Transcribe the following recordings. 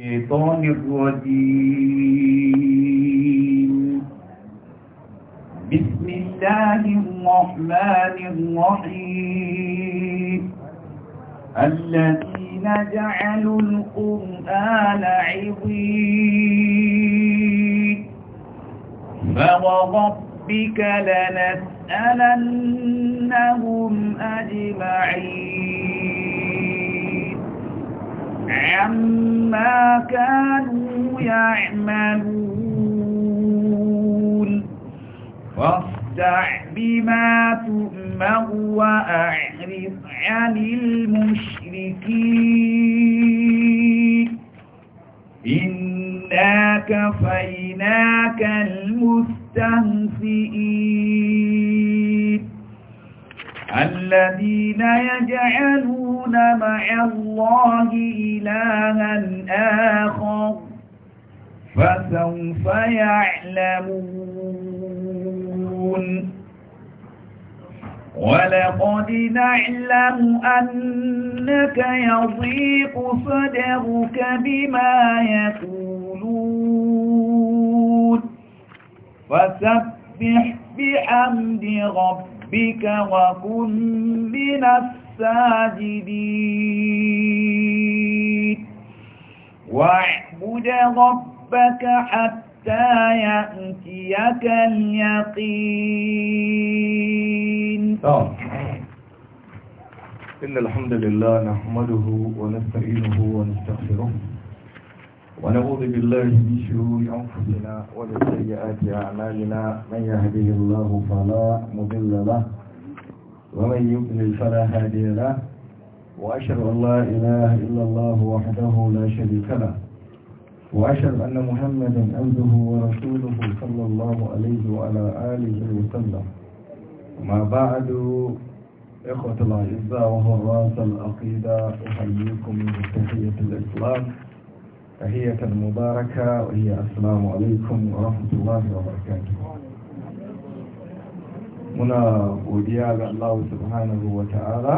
الشيطان الرجيم بسم الله الرحمن الرحيم الذين جعلوا القرآن عظيم فوربك لنسألنهم أجمعين عما كانوا يعملون فاصدع بما تؤمر وأعرض عن المشركين إنا كفيناك المستهزئين الذين يجعلون مع الله إلها آخر فسوف يعلمون ولقد نعلم أنك يضيق صدرك بما يقولون فسبح بحمد ربك ربك وكن من الساجدين واعبد ربك حتى يأتيك اليقين نعم. إن الحمد لله نحمده ونستعينه ونستغفره ونعوذ بالله من شرور أنفسنا ومن سيئات أعمالنا من يهده الله فلا مضل له ومن يضلل فلا هادي له وأشهد أن لا إله إلا الله وحده لا شريك له وأشهد أن محمدا عبده ورسوله صلى الله عليه وعلى آله وسلم ما بعد إخوة الأعزاء وهراس العقيدة أحييكم من تحية الإسلام تحية المباركة وهي السلام عليكم ورحمة الله وبركاته muna godiya ga Allah وتعالى wa ta'ala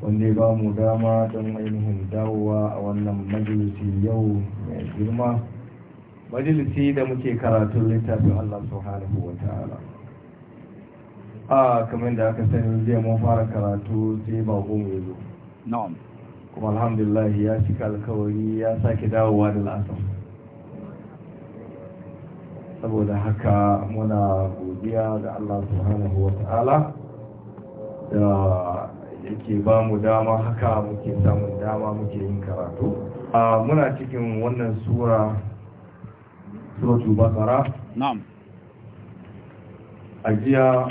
wanda ya ba mu dama don ainihin dawowa a wannan majalisi yau mai girma majalisi da muke karatun littafin Allah subhanahu wa ta'ala a ah, kamar da aka sani zai mun fara karatu sai ba mai yazo na'am kuma alhamdulillah ya cika alkawari ya sake dawowa da la'asar saboda haka muna godiya ga Allah subhanahu wa ta'ala da yake ba mu dama haka muke samun dama muke yin karatu muna cikin wannan sura suratul bakara na'am ajiya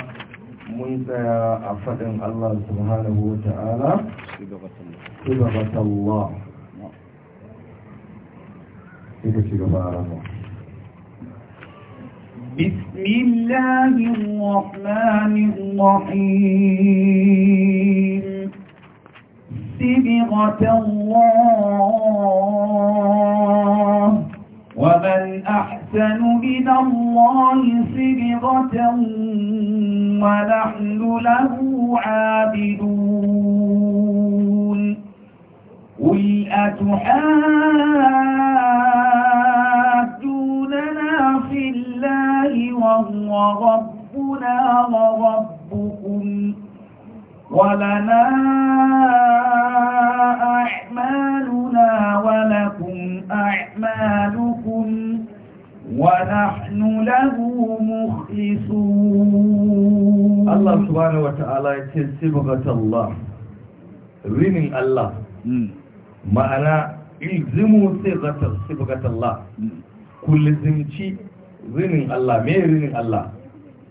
mun tsaya a faɗin Allah subhanahu wa ta'ala صبغة الله بسم الله الرحمن الرحيم صبغة الله ومن أحسن من الله صبغة ونحن له عابدون قل أتحاجوننا في الله وهو ربنا وربكم ولنا أعمالنا ولكم أعمالكم ونحن له مخلصون الله سبحانه وتعالى يتسبغة الله رمي الله ma'ana ilzimu sai zata sifagat Allah ku lizimci zinin Allah me zinin Allah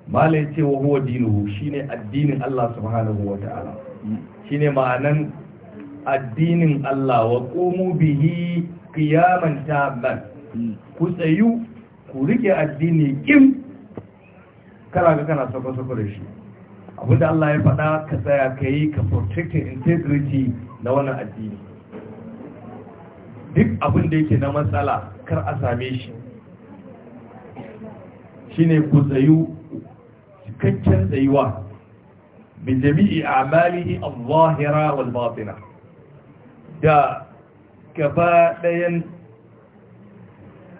malai ce wa huwa dinuhu shine addinin Allah subhanahu wa ta'ala shine ma'anan addinin Allah wa qumu bihi qiyaman taban ku tsayu ku rike addini kim kana ga kana sako-sako da shi abinda Allah ya faɗa ka tsaya ka yi ka protect integrity na wannan addini duk abin da yake na matsala kar a same shi shine ku tsayu cikakken tsayuwa bin jami'i malihi a zahira walbatina da gaba ɗayan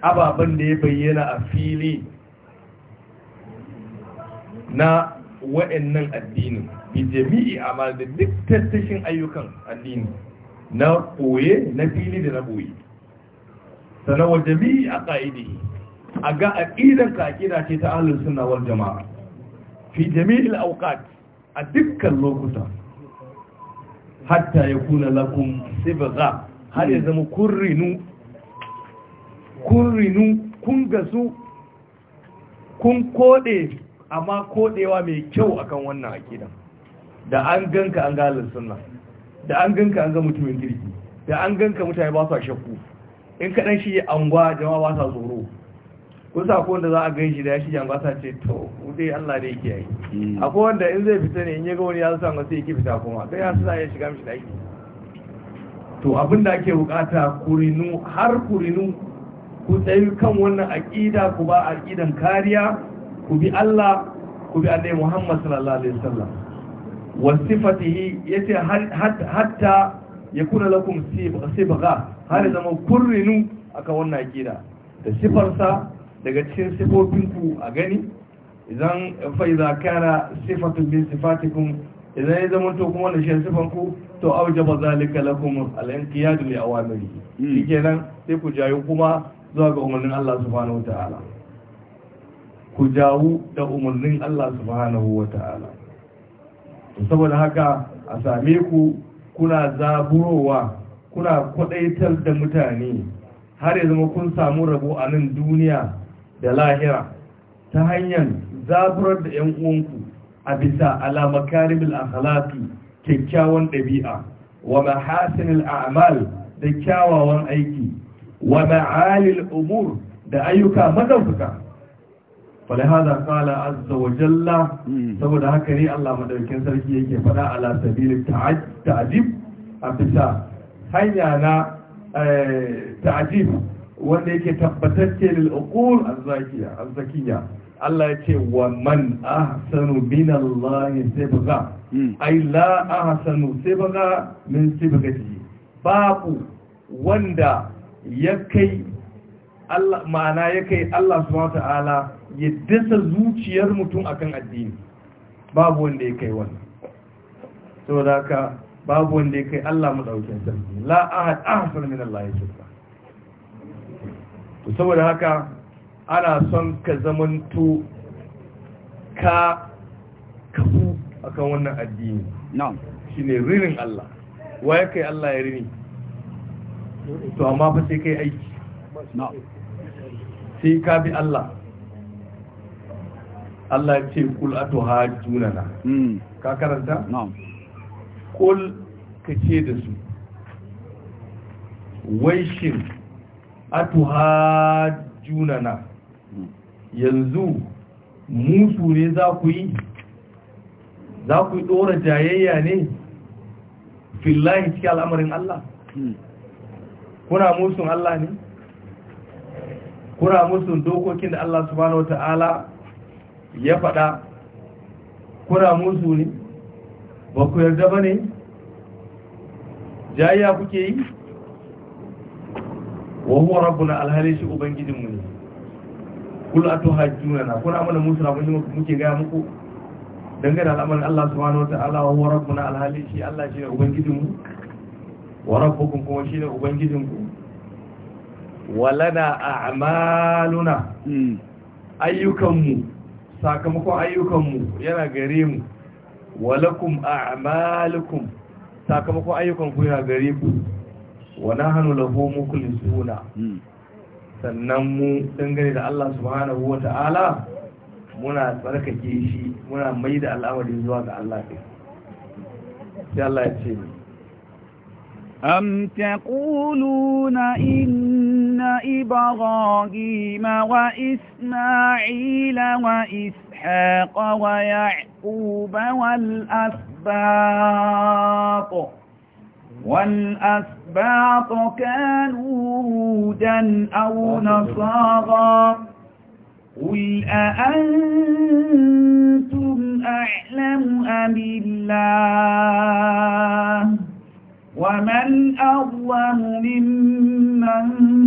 ababen da ya bayyana a fili na wa'annan addinin bi jami'i amal da duk tattashin ayyukan addini na ɓoye na fili da na ɓoye sana wa jami'i a ƙa'idi a ga aƙidar ka aƙida ce ta alin suna wal jama'a fi jami'il awqat a dukkan lokuta hatta yakuna lakum sibgha har ya zama kurrinu kun gasu kun kode amma kodewa mai kyau akan wannan aƙida da an ganka an ga ahlus sunna da an ganka an ga mutumin girki da an ganka mutane ba sa shakku in kaɗan shi angwa jama'a ba sa tsoro ko wanda za a gan shi da ya shi jamba sa ce to dai Allah da yake yi hmm. akwai wanda in zai fita ne in ya ga wani ya sa masa yake fita kuma sai ya sa ya shiga mishi daki to abin da ake bukata kurinu har kurinu ku tsayi kan wannan aqida ku ba aqidan kariya ku bi Allah ku bi Annabi Muhammad sallallahu alaihi wasallam wasifatihi yace hatta ya kuna lakum sibgha har zama kurrinu aka wannan akida da sifarsa daga cikin sifofinku a gani idan fa idza kana sifatun min sifatikum idan ya zama to kuma wannan shi sifanku to aujaba zalika lakum al-inqiyad li awamiri hmm. shikenan sai ku jayo kuma zuwa ga umarnin Allah subhanahu wataala ku jawo da umarnin Allah subhanahu wataala saboda haka a same ku kuna zaburowa kuna kwadaitar da mutane har ya zama kun samu rabo a nan duniya da lahira ta hanyar zaburar da 'yan uwanku a bisa ala karibul akhlaqi kyakkyawan ɗabi'a wa mahasinil a'mal da kyawawan aiki wa ma'alil umur da ayyuka madauka فلهذا قال عز وجل سبب هكري الله مدوكين سركي يكي فدا على سبيل التعجب أبسا هيا أنا تعجب wanda yake tabbatacce lil uqul azzakiya azzakiya Allah yace wa man ahsanu min Allah sibga ai la ahsanu sibga min sibgati babu wanda ya kai Allah ma'ana ya kai Allah subhanahu ta'ala ya dasa zuciyar mutum akan addini babu wanda ya kai wannan saboda haka babu wanda ya kai Allah madaukakin sarki la'ahad ahad ahsan min Allah ya shirka to saboda haka ana son ka zamanto ka kafu akan wannan addini shi ne ririn Allah waye kai Allah ya rini to amma fa sai kai aiki sai ka bi Allah Allah ya ce kul na hmm. ka karanta na'am kul ce da su wai shin atuhajunana yanzu musu ne za ku yi za ku yi ɗora jayayya ne fillahi cikin al'amarin Allah hmm. kuna musun Allah ne kuna musun dokokin da Allah subhanahu wa ta'ala ya faɗa kuna musu ne ba ku yarda ba ne jayya kuke yi wa huwa rabbuna alhali shi ubangijinmu ne to hajjuna na kuna mana musu na mun muke gaya muku dangane al'amarin Allah subhanahu wata'ala wa huwa rabbuna alhali shi Allah shi ne ubangijinmu wa rabbukum kuma shi ne ubangijinku wa lana a'maluna hmm. ayyukanmu sakamakon ayyukanmu yana gare mu walakum a'malukum sakamakon ayyukanku yana gare ku hannu lafo mukulin suna hmm. sannan mu dangane da Allah subhanahu ta'ala muna tsarkake shi muna mai da al'amari zuwa ga Allah ɗin sai Allah ya ce am taquluna إبراهيم وإسماعيل وإسحاق ويعقوب والأسباط والأسباط كانوا هودا أو نصارا قل أأنتم أعلم أم الله ومن أظلم ممن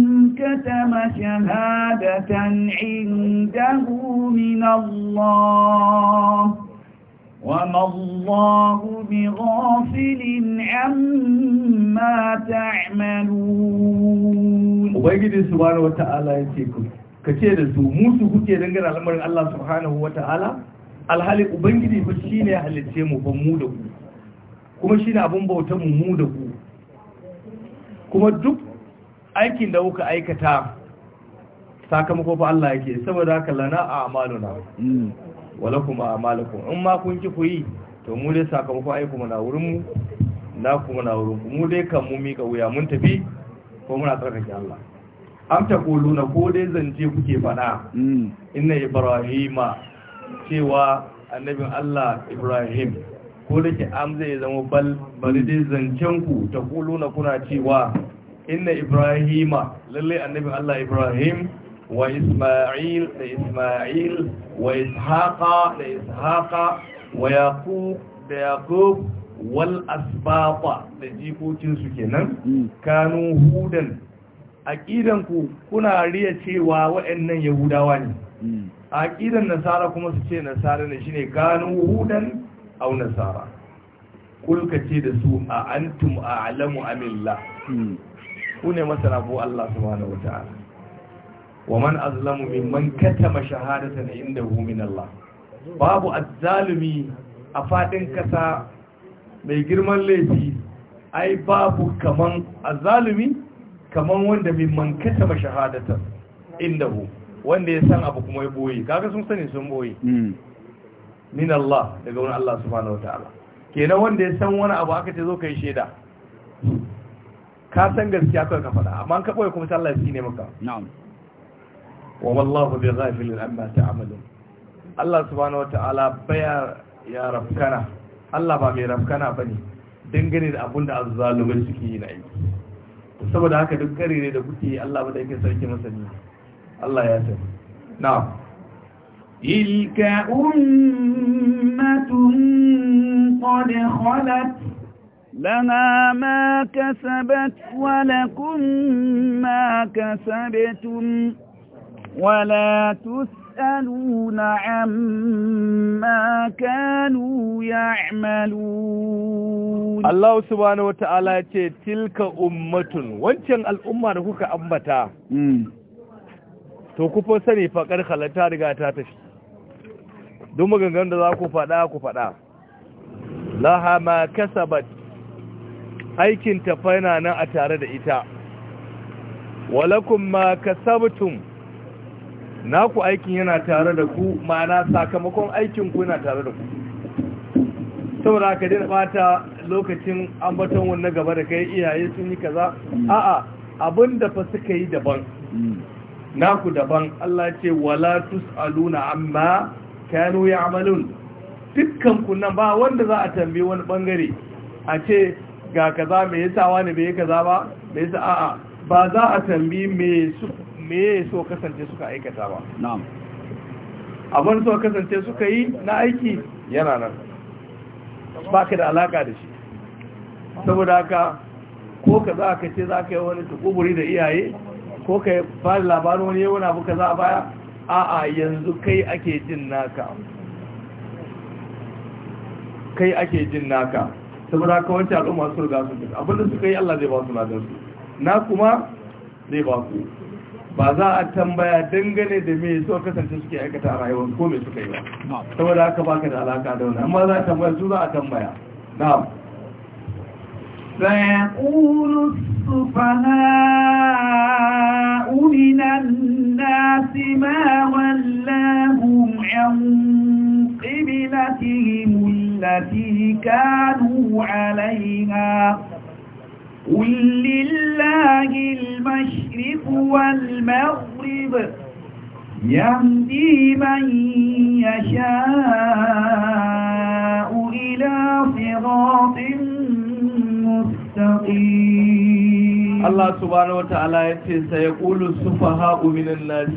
كتم شهادة عنده من الله وما الله بغافل عما تعملون وبيجي سبحانه وتعالى يتيكم kace da su musu kuke dangane al'amarin Allah subhanahu wataala alhali ubangiji fa shine halicce mu fa mu da ku kuma shine abun bautar mu mu da ku kuma duk aikin da kuka aikata sakamako fa Allah yake saboda haka lana a amaluna mm. wala kuma amalakum in ma kun ki ku yi to mu dai sakamako ai kuma na wurin mu na kuma na wurin mu dai kan mu mika wuya mun tafi ko muna tsarkake Allah am ta kuluna ko dai zance kuke faɗa mm. inna ibrahima cewa annabin Allah ibrahim ko da ke am zai zama bal bal dai zancen ku ta kuluna kuna cewa inna ibrahima lalle annabi Allah ibrahim wa isma'il da isma'il wa ishaqa da ishaqa wa yaqub da yaqub wal asbaqa da jikokin su kenan mm. kanu hudan aqidan ku kuna riya cewa waɗannan yahudawa ne mm. aqidan nasara kuma su ce nasara ne shine kanu hudan aw nasara kulka ce da su a antum a'lamu amillah mm. ku ne masana ko Allah subhanahu ta'ala wa man azlamu mimman katama shahadatan hu min Allah babu azzalimi a fadin kasa mai girman laifi ai babu kaman azzalimi kaman wanda mimman katama shahadatan hu wanda ya san abu kuma ya boye kaga sun sani sun boye hmm. min Allah daga wani Allah subhanahu ta'ala kenan wanda ya san wani abu aka ce zo kai sheda ka san gaskiya kawai ka faɗa amma an ka ɓoye kuma sallah Allah ya maka na'am wa wallahu bi ghafilin amma ta'malun Allah subhanahu wata'ala baya ya rafkana Allah ba mai rafkana bane dangane da abin da azzalumai suke yi na aiki saboda haka duk ne da kuke Allah ba da yake sarki masani Allah ya sani na'am تلك أمة قد خلت لنا ما كسبت ولكم ما كسبتم ولا تسألون عما كانوا يعملون الله سبحانه وتعالى تلك أمة وانشان الأمة نكوك أمتا توقف سني فقر sani faƙar تاتش riga ta tafi don maganganun da za ku faɗa aikin ta na nan a tare da ita walakun ma kasabtum naku aikin yana tare da ku Mana sakamakon aikin ku yana tare da ku saboda ka dina bata lokacin ambaton wani gaba da kai iyaye sun yi kaza a'a abin da fa suka yi daban naku daban Allah ce wala tusaluna amma kanu ya'malun dukkan ku ba wanda za a tambaye wani bangare a ce ga kaza me yasa wani bai kaza ba me yasa a'a ba za a tambi me su me so kasance suka aikata ba na'am abin so kasance suka yi na aiki yana nan ba ka da alaka da shi saboda haka ko ka za ka ce za ka yi wani tukuburi da iyaye ko ka ba da labarin wani yawon abu ka za a baya a'a yanzu kai ake jin naka kai ake jin naka saboda haka wancan al'umma su riga su fita abinda suka yi Allah zai ba su ladan su na kuma zai ba ku ba za a tambaya dangane da me so kasance suke aikata a rayuwar ko me suka yi ba saboda haka baka da alaka da wannan amma za a tambaya su za a tambaya na'am سيقول السفهاء من الناس ما ولاهم عن قبلتهم التي كانوا عليها قل لله المشرق والمغرب يهدي من يشاء إلى صراط مستقيم الله سبحانه وتعالى سيقول السفهاء من الناس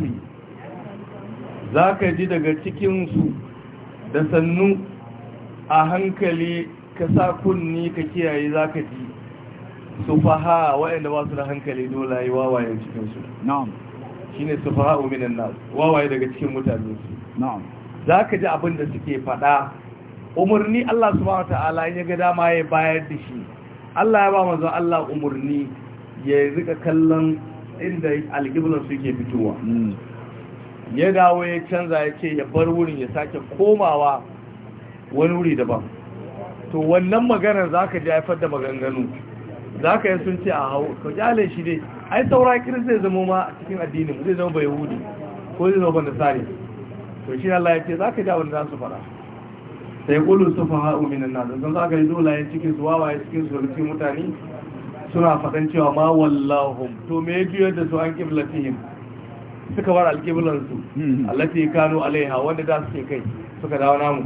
ذاك جدك تكينسو da sannu a hankali ka sa kunni ka kiyaye za ka ji su faha waɗanda ba su da hankali dole yi wawayen cikinsu shi ne su faha uminan nasu wawaye daga cikin mutane su za ka ji abin da suke faɗa umarni Allah ba ta'ala ya ga dama ya bayar da shi Allah ya ba mazan Allah umarni ya rika kallon inda alƙiblar su ke fitowa hmm. ya dawo ya canza ya ce ya bar wurin ya sake komawa wani wuri daban to wannan maganar za ka ji haifar da maganganu za ka yi sun ce a hau ka jale shi ne. ai saura kiris zai zama ma cikin addinin zai zama bai hudu ko zai zama ban nasari to shi Allah ya ce za ka ji abin da za su fara sai kulu su fa ha'u minan nas dan za ka yi layan cikin su wawaye cikin su mutane suna faɗan cewa ma wallahum to me ya biyar da su an kiblatihim suka bar alkiblansu hmm. allati kanu alaiha wanda da suke kai suka dawo namu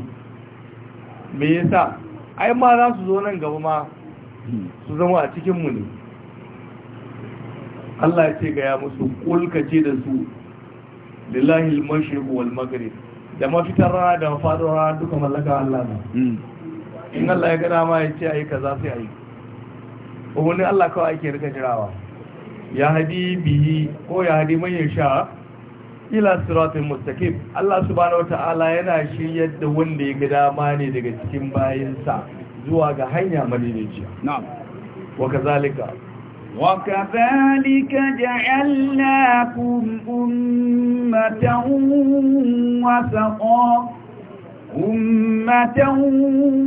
me yasa ai ma za su zo nan gaba ma su zama a cikinmu ne Allah ya ce gaya musu kulka ce da su lillahi al-mashriq wal maghrib da mafitar rana da mafaɗin rana duka mallaka Allah ne hmm. in Allah ya gada ma ya ce a yi sai ai ko yi Allah kawai ake rika jirawa ya haɗi ko ya hadi manyan yasha ila siratul mustaqim Allah subhanahu wataala yana shiryar yadda wanda ya ga dama ne daga cikin bayinsa zuwa ga hanya madaidaiciya na'am wa kazalika wa kazalika ja'alnakum ummatan wasaqa أمة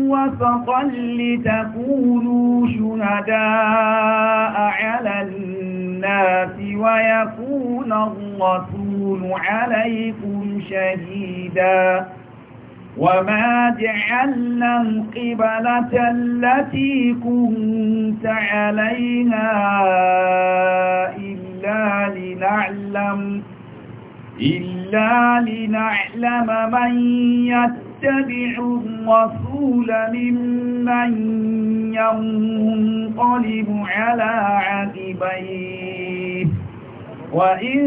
وسطا لتكونوا شهداء على الناس ويكون الرسول عليكم شهيدا وما جعلنا القبلة التي كنت عليها إلا لنعلم إلا لنعلم من يتبع اتبعوا الرسول ممن ينقلب على عقبيه وإن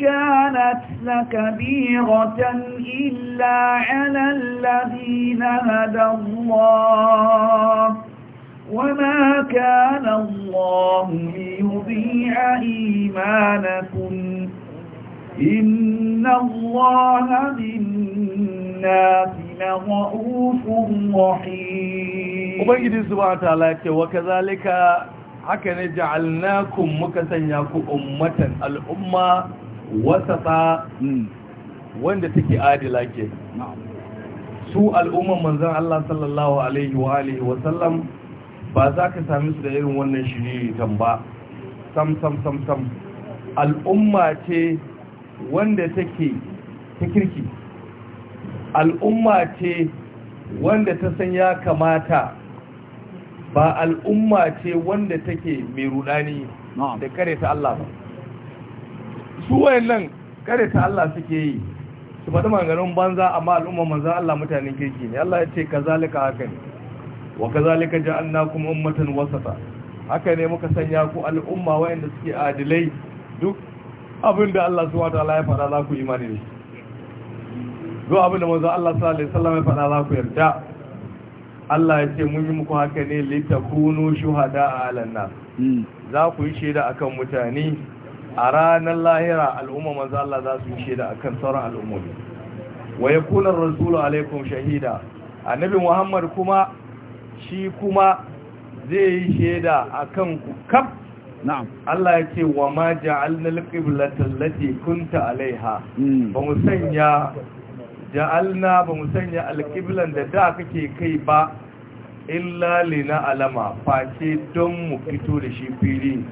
كانت لكبيرة إلا على الذين هدى الله وما كان الله ليضيع إيمانكم إن الله بالنسبة بالناس لرؤوف ta وبنجي wa ka zalika haka ne ja'alnakum muka sanya ku ummatan al'umma wasata hmm. wanda take adila ke su al'umman manzan Allah sallallahu alaihi wa alihi wa sallam ba za ka sami su da irin wannan shiriritan ba sam sam sam sam al'umma ce wanda take ta kirki al'umma ce wanda ta san ya kamata ba al'umma ce wanda take mai rudani da kare ta Allah ba su wayannan kare ta Allah suke yi su faɗi maganin banza amma al'umma manza Allah mutanen kirki ne Allah ya ce kazalika haka ne wa kazalika ja'alnakum ummatan wasata haka ne muka sanya ku al'umma wayanda suke adilai duk abin da Allah subhanahu wa ta'ala ya faɗa za ku imani da shi zo abin da manzo Allah sallallahu alaihi wasallam ya faɗa za ku yarda Allah ya ce mun yi muku haka ne litakunu shuhada a nas hmm. za ku yi shaida a kan mutane a ranar lahira al'umma manzo Allah za su yi shaida a kan sauran al'ummomi wa yakuna rasulu alaikum shahida annabi Muhammad kuma shi kuma zai yi shaida a kan ku kaf Allah ya ce wa ma ja'alna na qiblata allati kunta alaiha hmm. ba mu sanya ja'alna ba mu sanya alƙiblan da da kake kai ba illa lina alama face don mu fito da shi fili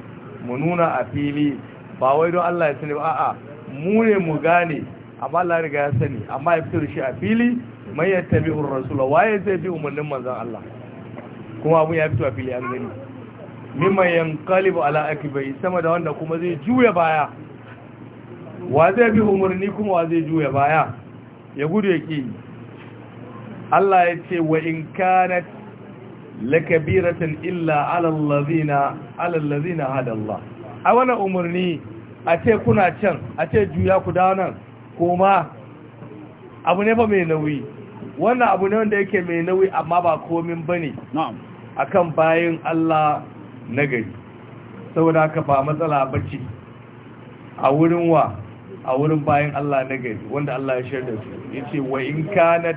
mu nuna a fili ba wai don Allah ya sani ba a'a mu ne mu gane amma Allah riga ya sani amma ya fito da shi a fili man yattabi'ur rasula waye zai bi umarnin manzon Allah kuma abun ya fito a fili an gani mimman yanqalibu ala akibai sama da wanda kuma zai juya baya wa zai bi umarni kuma wa zai juya baya ya gudu ya ƙi Allah ya ce wa in kanat lakabiratan illa allazina na Allah a wannan umarni a ce kuna can a ce juya ku da nan koma abu ne ba mai nauyi wannan abu ne wanda yake mai nauyi amma ba komin bane akan bayin Allah nagari saboda haka ba matsala bace a wurin wa a wurin bayan Allah na gari wanda Allah ya shirya su ce wa in kanat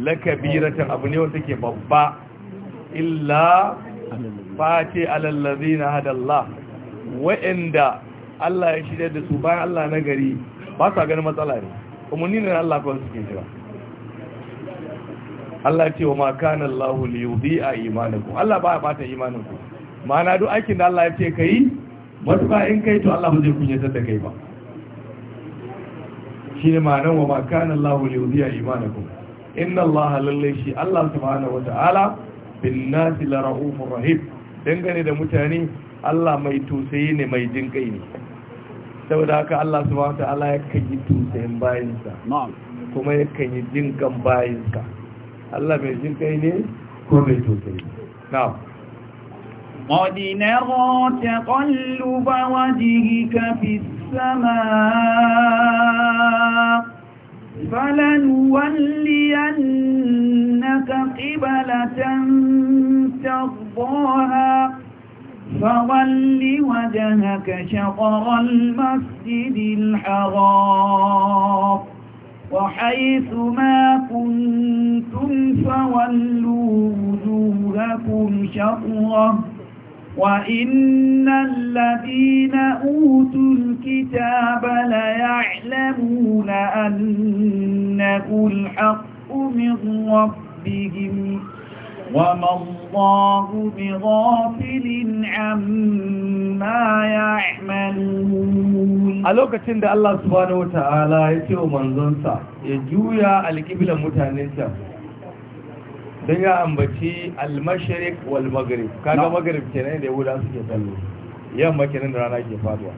lakabiratan abu ne wanda ke babba illa fati alal ladina hada Allah wa'anda Allah ya shirya da su bayan Allah na gari ba sa ganin matsala ne Kuma umarni ne Allah kawai suke jira Allah ce wa ma kana Allah li a imanakum Allah ba ya bata imaninku ma'ana duk aikin da Allah ya ce kai ba in kai to Allah ba zai kunyatar da kai ba shi ne ma'anar wa makana Allah wa liyuziya imanakum inna Allah lallai shi Allah subhanahu wa ta'ala bin nasi la ra'ufur rahim dangane da mutane Allah mai tausayi ne mai jin kai ne saboda haka Allah subhanahu wa ta'ala ya kan yi tausayin bayinsa kuma ya kan yi jin kan bayinsa Allah mai jin kai ne ko mai tausayi na'am قد نرى تقلب وجهك في السماء فلنولينك قبلة ترضاها فول وجهك شطر المسجد الحرام وحيث ما كنتم فولوا وجوهكم شطره وإن na أوتوا الكتاب ليعلمون أنه الحق من ربهم وما الله بغافل عما يعملون a lokacin da Allah subhanahu ta'ala ya ce wa manzonsa ya juya alƙiblar mutanen can don ya ambaci almashirik wal magrib kaga magrib kenan da yahuda suke sallo yamma kenan da rana ke faduwa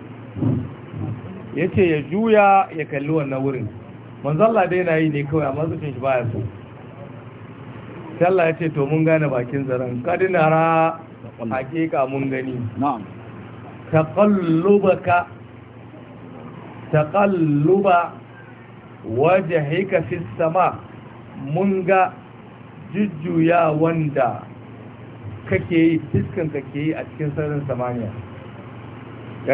yace ya juya ya kalli wannan wurin manzo Allah dai yana yi ne kawai amma su zuciyar shi baya so sai Allah yace to mun gane bakin zaran kadina ra hakika mun gani na'am taqallubaka taqalluba wajhika fis sama mun ga jujjuya wanda kake yi fiskan kake yi a cikin sararin samaniya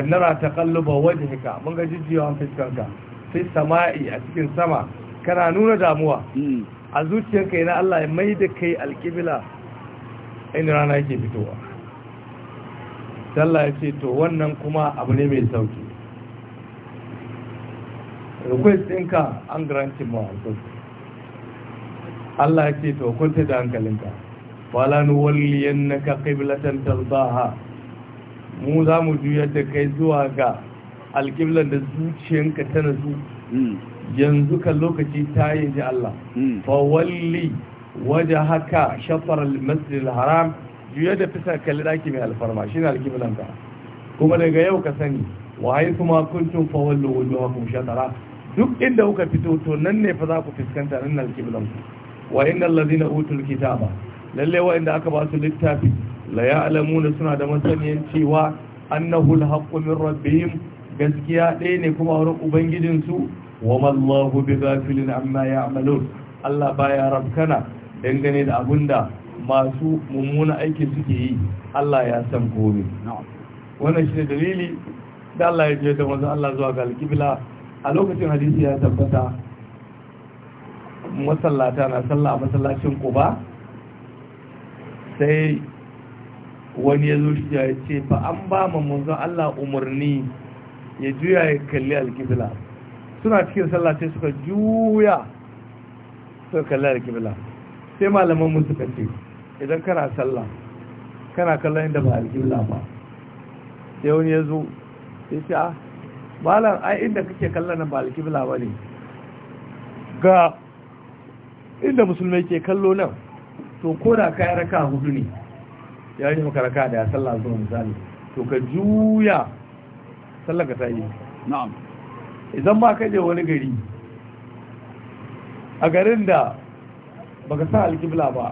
na ta kalluba wajhika mun ga jujjuyawan ka. fi sama'i a cikin sama kana nuna damuwa hmm. a zuciyarka yana Allah ya mai da kai alƙibila inda rana yake fitowa sallah ya ce to wannan kuma abu ne mai sauki request ɗinka an garanti ma Allah ya ce to kunta da hankalinka wala nuwalliyannaka qiblatan tardaha mu za mu juyar da kai zuwa ga alqiblan da zuciyanka ta nazu hmm. yanzu kan lokaci ta yi ji Allah hmm. fa walli waje haka shafar masjidil haram juya da fisa kalli daki mai alfarma shi alqiblan ka kuma daga yau ka sani wa haifu ma kuntum fa wallu wujuhakum shatara duk inda kuka fito to nan ne fa za ku fuskanta nan ku. wa inna allazina utul kitaba lalle wa inda aka ba su littafi la ya'lamuna suna da masaniyan cewa annahu alhaqqu min rabbihim gaskiya ɗaya ne kuma wurin su wa mallahu bi ghafilin amma ya'malun Allah baya rabkana dangane da abunda masu mummuna aiki suke yi Allah ya san komai wannan shi ne dalili da Allah ya je da manzo Allah zuwa ga alqibla a lokacin hadisi ya tabbata masallata na sallah a masallacin kuba sai wani ya zo shi ya ce fa an ba mu Allah umarni ya juya ya kalli alkibla suna cikin sallah sai suka juya suka kalli alkibla sai malaman mu suka ce idan kana sallah kana kallon inda ba alkibla ba sai wani ya zo sai ce a ah, malam ai inda kake kallon ba alkibla ba ne ga inda musulmai ke kallo nan to ko da ka raka hudu ne ya yi maka raka da ya sallah zuwa misali to ka juya sallah ka ta yi na'am idan ba ka je wani gari a garin da baka sa alkibla ba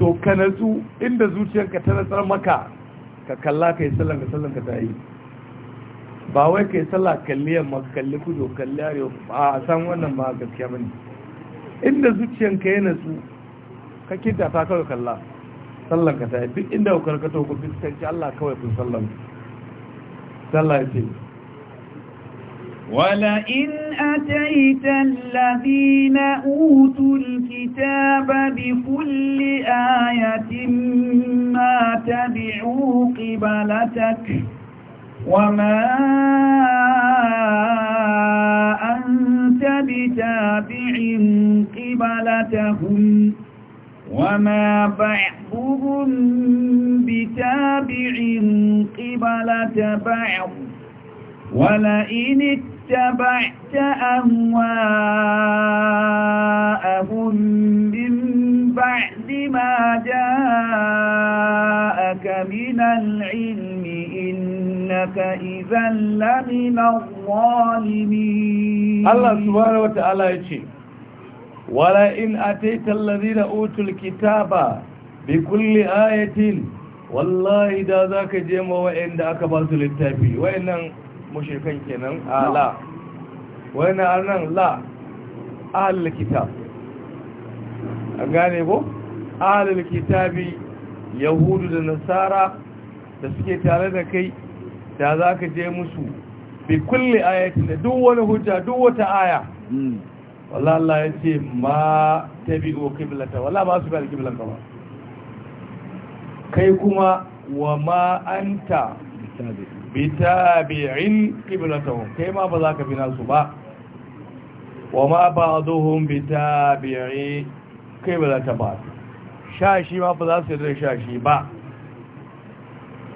to ka natsu inda zuciyarka ta natsar maka ka kalla ka yi sallan ka sallan ka ta yi ba wai kai sallah kalli yamma kalli kudu kalli ba a san wannan ba gaskiya bane inda zuciyanka ya su ka kinta ta kawai kalla sallan ka ta yi duk inda ku karkato ku fuskanci Allah kawai kun sallan sallah ce ولئن أتيت الذين أوتوا الكتاب بكل mata ما تبعوا قبلتك وما أنت بتابع قبلتهم وما بعضهم بتابع قبلة بعض ولئن اتبعت أهواءهم من بعد ما جاءك من العلم إنك إذا لمن الظالمين الله سبحانه وتعالى يقول ولئن أتيت الذين أوتوا الكتاب بكل آية wallahi da za ka je ma wa'inda aka ba su littafi wa'innan mashirkan kenan a la wa'innan la kitab A gane ko ahlul kitabi yahudu da nasara da suke tare da kai da za ka je musu bi kulle ayatin da duk wani hujja duk wata aya hmm. wallah Allah ya ce ma ta bi o kiblata wallah ba su bi alqiblan ka ba kai kuma wa ma an ta anta kiblata qiblatahum kai ma ba za ka bi nasu ba wa ma ba ta bitabi'i kai ba za ta ba sha shi ma ba za su yarda sha shi ba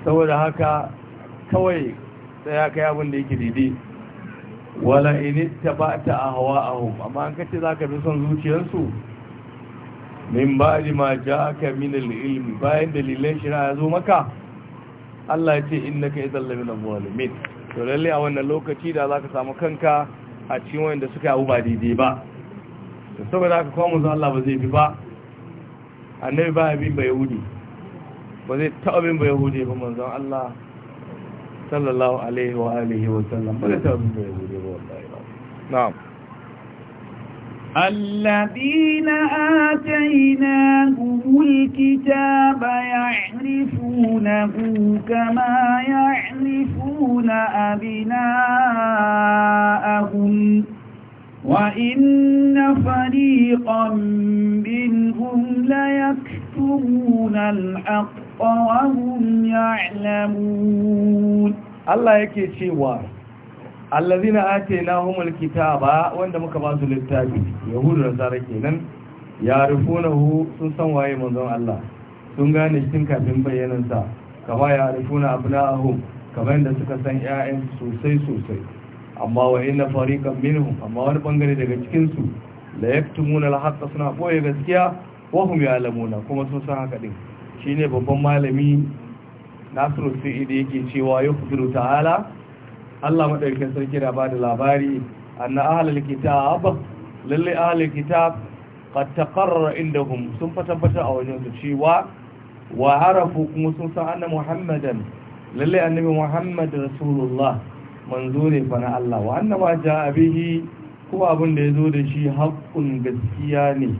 saboda haka kawai tsaya kai abin da yake daidai wala ini a hun amma an kace za ka fi son zuciyarsu min ba'di ma ja min ilmi bayan dalilan ya zo maka Allah ya ce innaka idan lamin zalimin to lalle a wannan lokaci da za ka samu kanka a cikin wanda suka yi abu ba daidai ba da saboda aka kawo musu Allah ba zai bi ba annabi ba ya bi ba yahudi ba zai taɓa bin ba yahudi ba manzon Allah sallallahu alaihi wa alihi wa sallam ba zai taɓa bin ba yahudi ba wallahi ba na'am الذين آتيناهم الكتاب يعرفونه كما يعرفون أبناءهم وإن فريقا منهم ليكتمون الحق وهم يعلمون الله yake cewa allazina atainahumul kitaba wanda muka basu littafi yahudu da nasara kenan yarifunahu sun san waye manzon Allah sun gane shi kafin bayyanansa kama yarifuna abna'ahum kamar da suka san 'ya'yansu sosai sosai amma wa inna fariqan minhum amma wani bangare daga cikin su la yaktumuna al-haqqa suna boye gaskiya wa hum ya'lamuna kuma sun san haka din shine babban malami Nasiru Sa'idi yake cewa yukhbiru ta'ala Allah madaukakin sarki da bada labari anna ahlul kitab lalle ahlul kitab qad taqarrara indahum sun fatabbata a wajen su cewa wa harafu kuma sun san anna Muhammadan lalle annabi Muhammad rasulullah manzo ne fa na Allah wa annama jaa bihi kuma abin da ya zo da shi haqqun gaskiya ne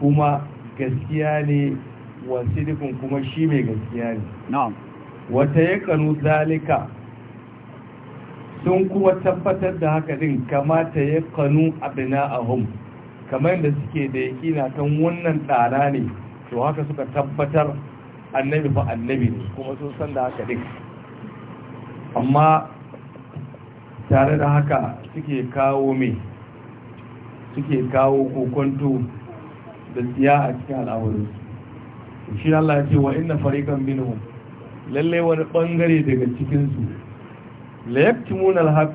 kuma gaskiya ne wa sidikun kuma shi mai gaskiya ne na'am wata yakanu zalika sun kuma tabbatar da haka din kamata yakanu abna'ahum kamar da suke da yakina kan wannan tsara ne to haka suka tabbatar annabi fa annabi ne kuma sun san da haka din amma tare da haka suke kawo mai suke kawo kokonto da tsiya a cikin al'amarinsu shi Allah ya ce wa inna farikan minu lalle wani bangare daga cikin su la yaktumuna al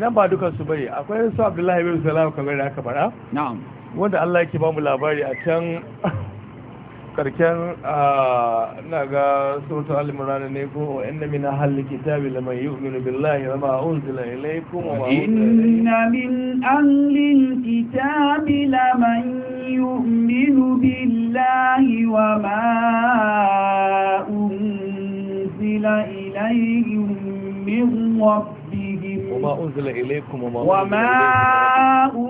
nan ba dukan su bane akwai su Abdullahi bin Salam kamar da aka bara na'am wanda Allah yake ba mu labari a can karken na ga sautu alimurana ne ko inna min ahalli kitabi lamai yu'minu billahi wa ma unzila ilaykum wa ma inna min ahlil kitabi lamai yu'minu billahi wa ma unzila ilayhim min rabbihim وما أنزل إليكم وما, وما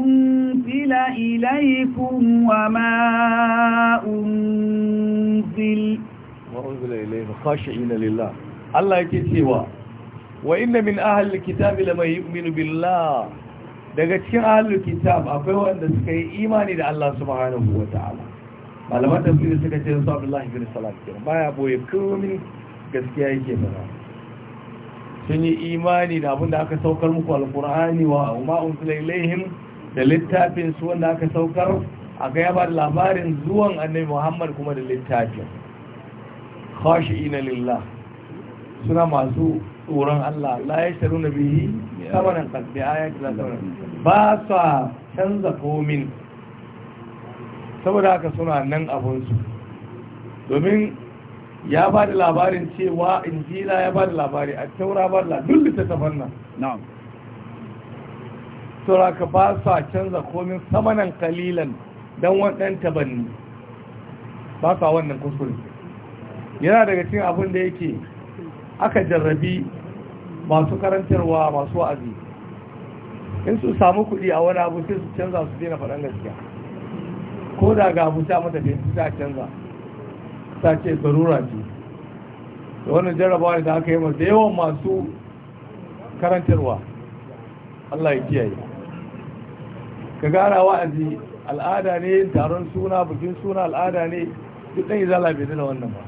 أنزل إليكم وما أنزل وما أنزل إليكم خاشعين لله الله يكتوى وإن من أهل الكتاب لما يؤمن بالله daga cikin ahlul kitab akwai wanda suka yi imani da Allah subhanahu ta'ala. malaman da suka ce su Abdullah ibn Salam kenan baya boye komai gaskiya yake fara sun yi imani da abin da aka saukar muku alkur'ani wa ma'un sulailaihim da littafin su wanda aka saukar a ga ya ba da labarin zuwan annabi muhammad kuma da littafin ina lillah suna masu tsoron Allah la ya sharu na bihi sabanin a yaki za sabanin ba sa canza komin saboda aka suna nan abinsu domin ya ba da labarin cewa injila ya ba da labari a taura ba da duk tafan nan na'am ka ba sa canza komin samanan kalilan don waɗan tabanni ba sa wannan kuskure yana daga cikin abin da yake aka jarrabi masu karantarwa masu wa'azi in su samu kuɗi a wani abu sai su canza su daina faɗan gaskiya ko da ga abu ta mata da su canza sace zarura ce da wannan jarabawa da aka yi da yawan masu karantarwa Allah ya kiyaye ka gara wa'azi al'ada ne taron suna bikin suna al'ada ne duk ɗan izala bai da wannan ba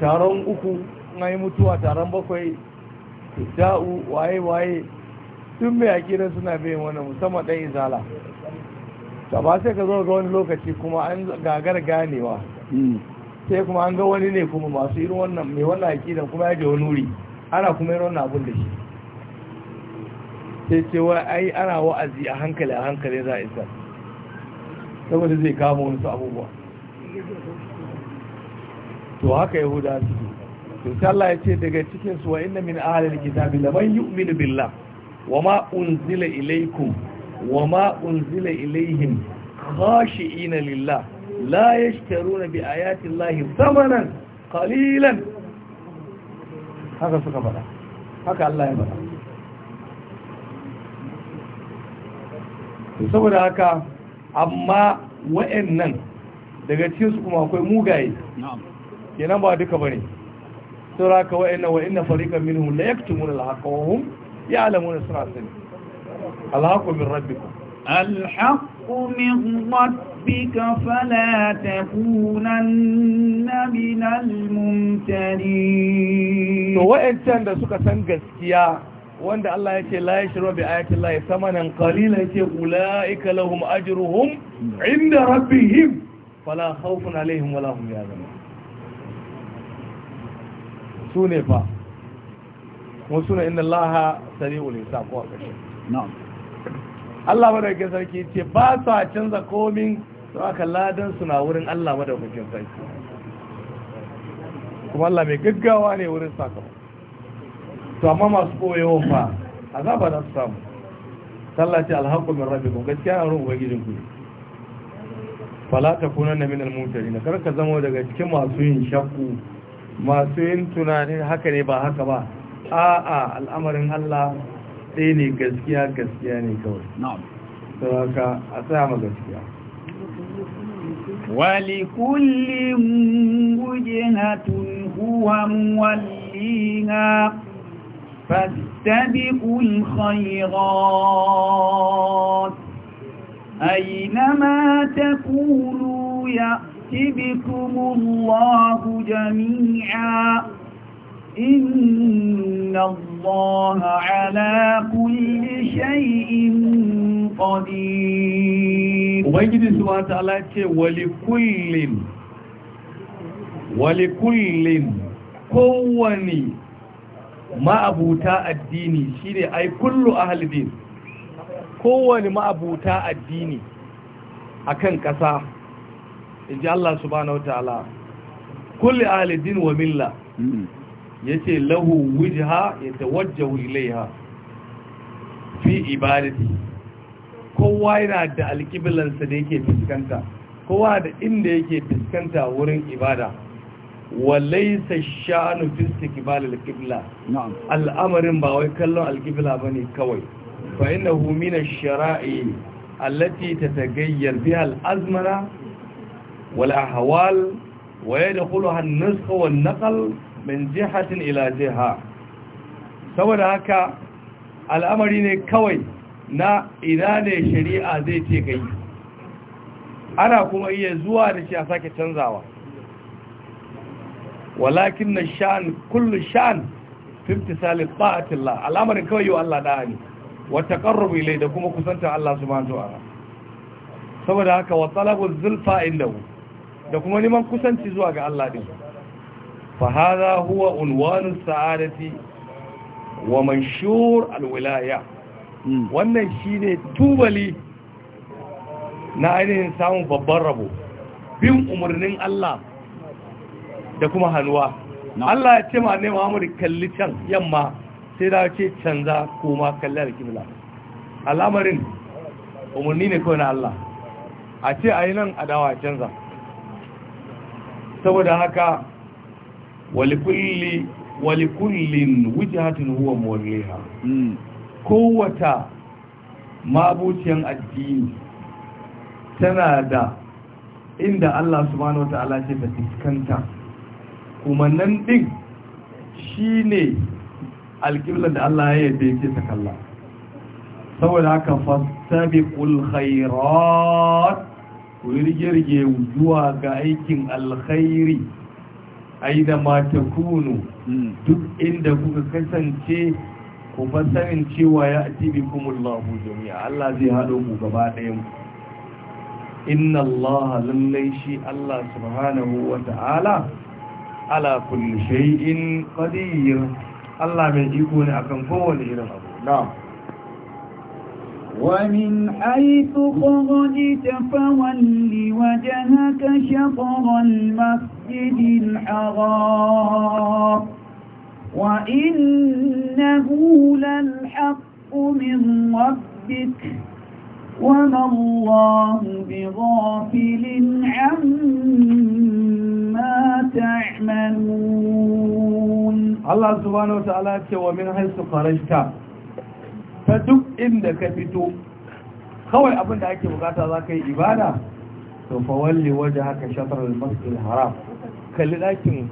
taron uku na yi mutuwa taron bakwai da'u waye-waye tun mai akira suna bayan wannan musamman ɗan izala ba sai ka zo ga wani lokaci kuma an gagar ganewa hmm. sai kuma an ga wani ne kuma masu irin wannan mai wannan aƙidan kuma ya je wani wuri ana kuma yin wannan abin da shi sai ce wai ai ana wa'azi a hankali a hankali za a isa saboda zai kama wani su abubuwa to haka yahuda su to Allah ya ce daga cikin su wa inna min ahlil kitabi laman yu'minu billah wa ma unzila ilaykum wa ma unzila ilaihim khashi'ina lillah la yashtaruna bi ayati llahi thamanan qalilan haka suka faɗa haka Allah ya bada saboda haka amma wa'annan daga cikinsu kuma akwai mugaye kenan ba duka bane saboda haka wa'annan wa'annan farikan minhum la yaktumuna al-haqqa wa hum ya'lamuna sirra الحق من ربكم الحق من ربك فلا تكونن من الممترين to wa'ancan da suka san gaskiya wanda Allah ya ce la yashru bi ayati Allah samanan qalila yace ulaika lahum ajruhum inda rabbihim fala khawfun alaihim wala hum yahzanun sune fa wasu ne inna Allah sari'ul hisab wa kashi na'am Allah madaukakin sarki ce ba su a canza komin su aka ladin suna wurin Allah madaukakin sarki kuma Allah mai gaggawa ne wurin sakamako to amma masu koyewa fa zaba za su samu sallah ce alhaqqu min rabbikum gaskiya an ruwa ubangijin falata fala na min almumtarin kar ka zama daga cikin masu yin shakku masu yin tunanin haka ne ba haka ba a'a al'amarin Allah ɗaya ne gaskiya gaskiya ne kawai sauraka a ma gaskiya ولكل وجهة هو موليها فاستبقوا الخيرات أينما تكونوا يأت بكم الله جميعا إن الله على كل شيء قدير وبيجي سبحانه وتعالى ولكل ولكل كوني ما أبوتا الديني شيني أي كل أهل الدين كوني ما أبوتا الديني أكن كسا إن الله سبحانه وتعالى كل أهل الدين وملة yace lahu wajha yatawajjahu ilaiha fi ibadati kowa yana da alƙiblarsa da yake fuskanta kowa da inda yake fuskanta wurin ibada walaisa sha'anu fi istiqbal al na'am al'amarin ba wai kallon al bane kawai fa innahu min ash-shara'i allati tatagayyar biha al-azmara wal ahwal wa yadkhuluha an-nusakh wan-naql min jihatin ila jiha saboda haka al'amari ne kawai na ina ne shari'a zai ce kai ana kuma iya zuwa da shi a sake canzawa walakin na sha'an kullu sha'an fifti salif ba'atillah al'amarin kawai yi wa Allah da ne wata ƙarrubi ilai da kuma kusantar Allah su ma'an zuwa, saboda haka wa talabun zulfa inda da kuma neman kusanci zuwa ga Allah din فهذا هو عنوان السعادة ومنشور الولاية wannan shine tubali na ainihin samun babban rabo bin umarnin Allah da kuma hannuwa Allah ya ce ma ne Muhammadu kalli can yamma sai da ce canza kuma kalli alkibla al'amarin umarni ne kawai na Allah a ce a yi nan a dawa canza saboda haka walikullin wujahatin huwa kowace hmm. kowata mabuciyan addini tana da inda Allah subhanahu wata'ala ce ta kuma nan din shine alƙiblar da Allah ya yadda yake ta kalla saboda haka fastabiqul khairat ku rige-rige zuwa ga aikin alkhairi da mata kunu hmm. duk inda kuka kasance ku fasarin cewa ya atibi kumullahu jami'a Allah zai haɗo ku gaba ɗayan inna Allah lallai shi Allah subhanahu wa ta'ala ala kulli shay'in qadir Allah mai iko ne akan kowane irin abu na'am ومن حيث خرجت فول وجهك شطر المسجد الحرام وإنه للحق من ربك وما الله بغافل عما تعملون الله سبحانه وتعالى ومن حيث خرجت ta duk inda ka fito kawai abin da ake bukata za ka yi ibada to fa walli waje haka shatar al-masjid haram kalli ɗakin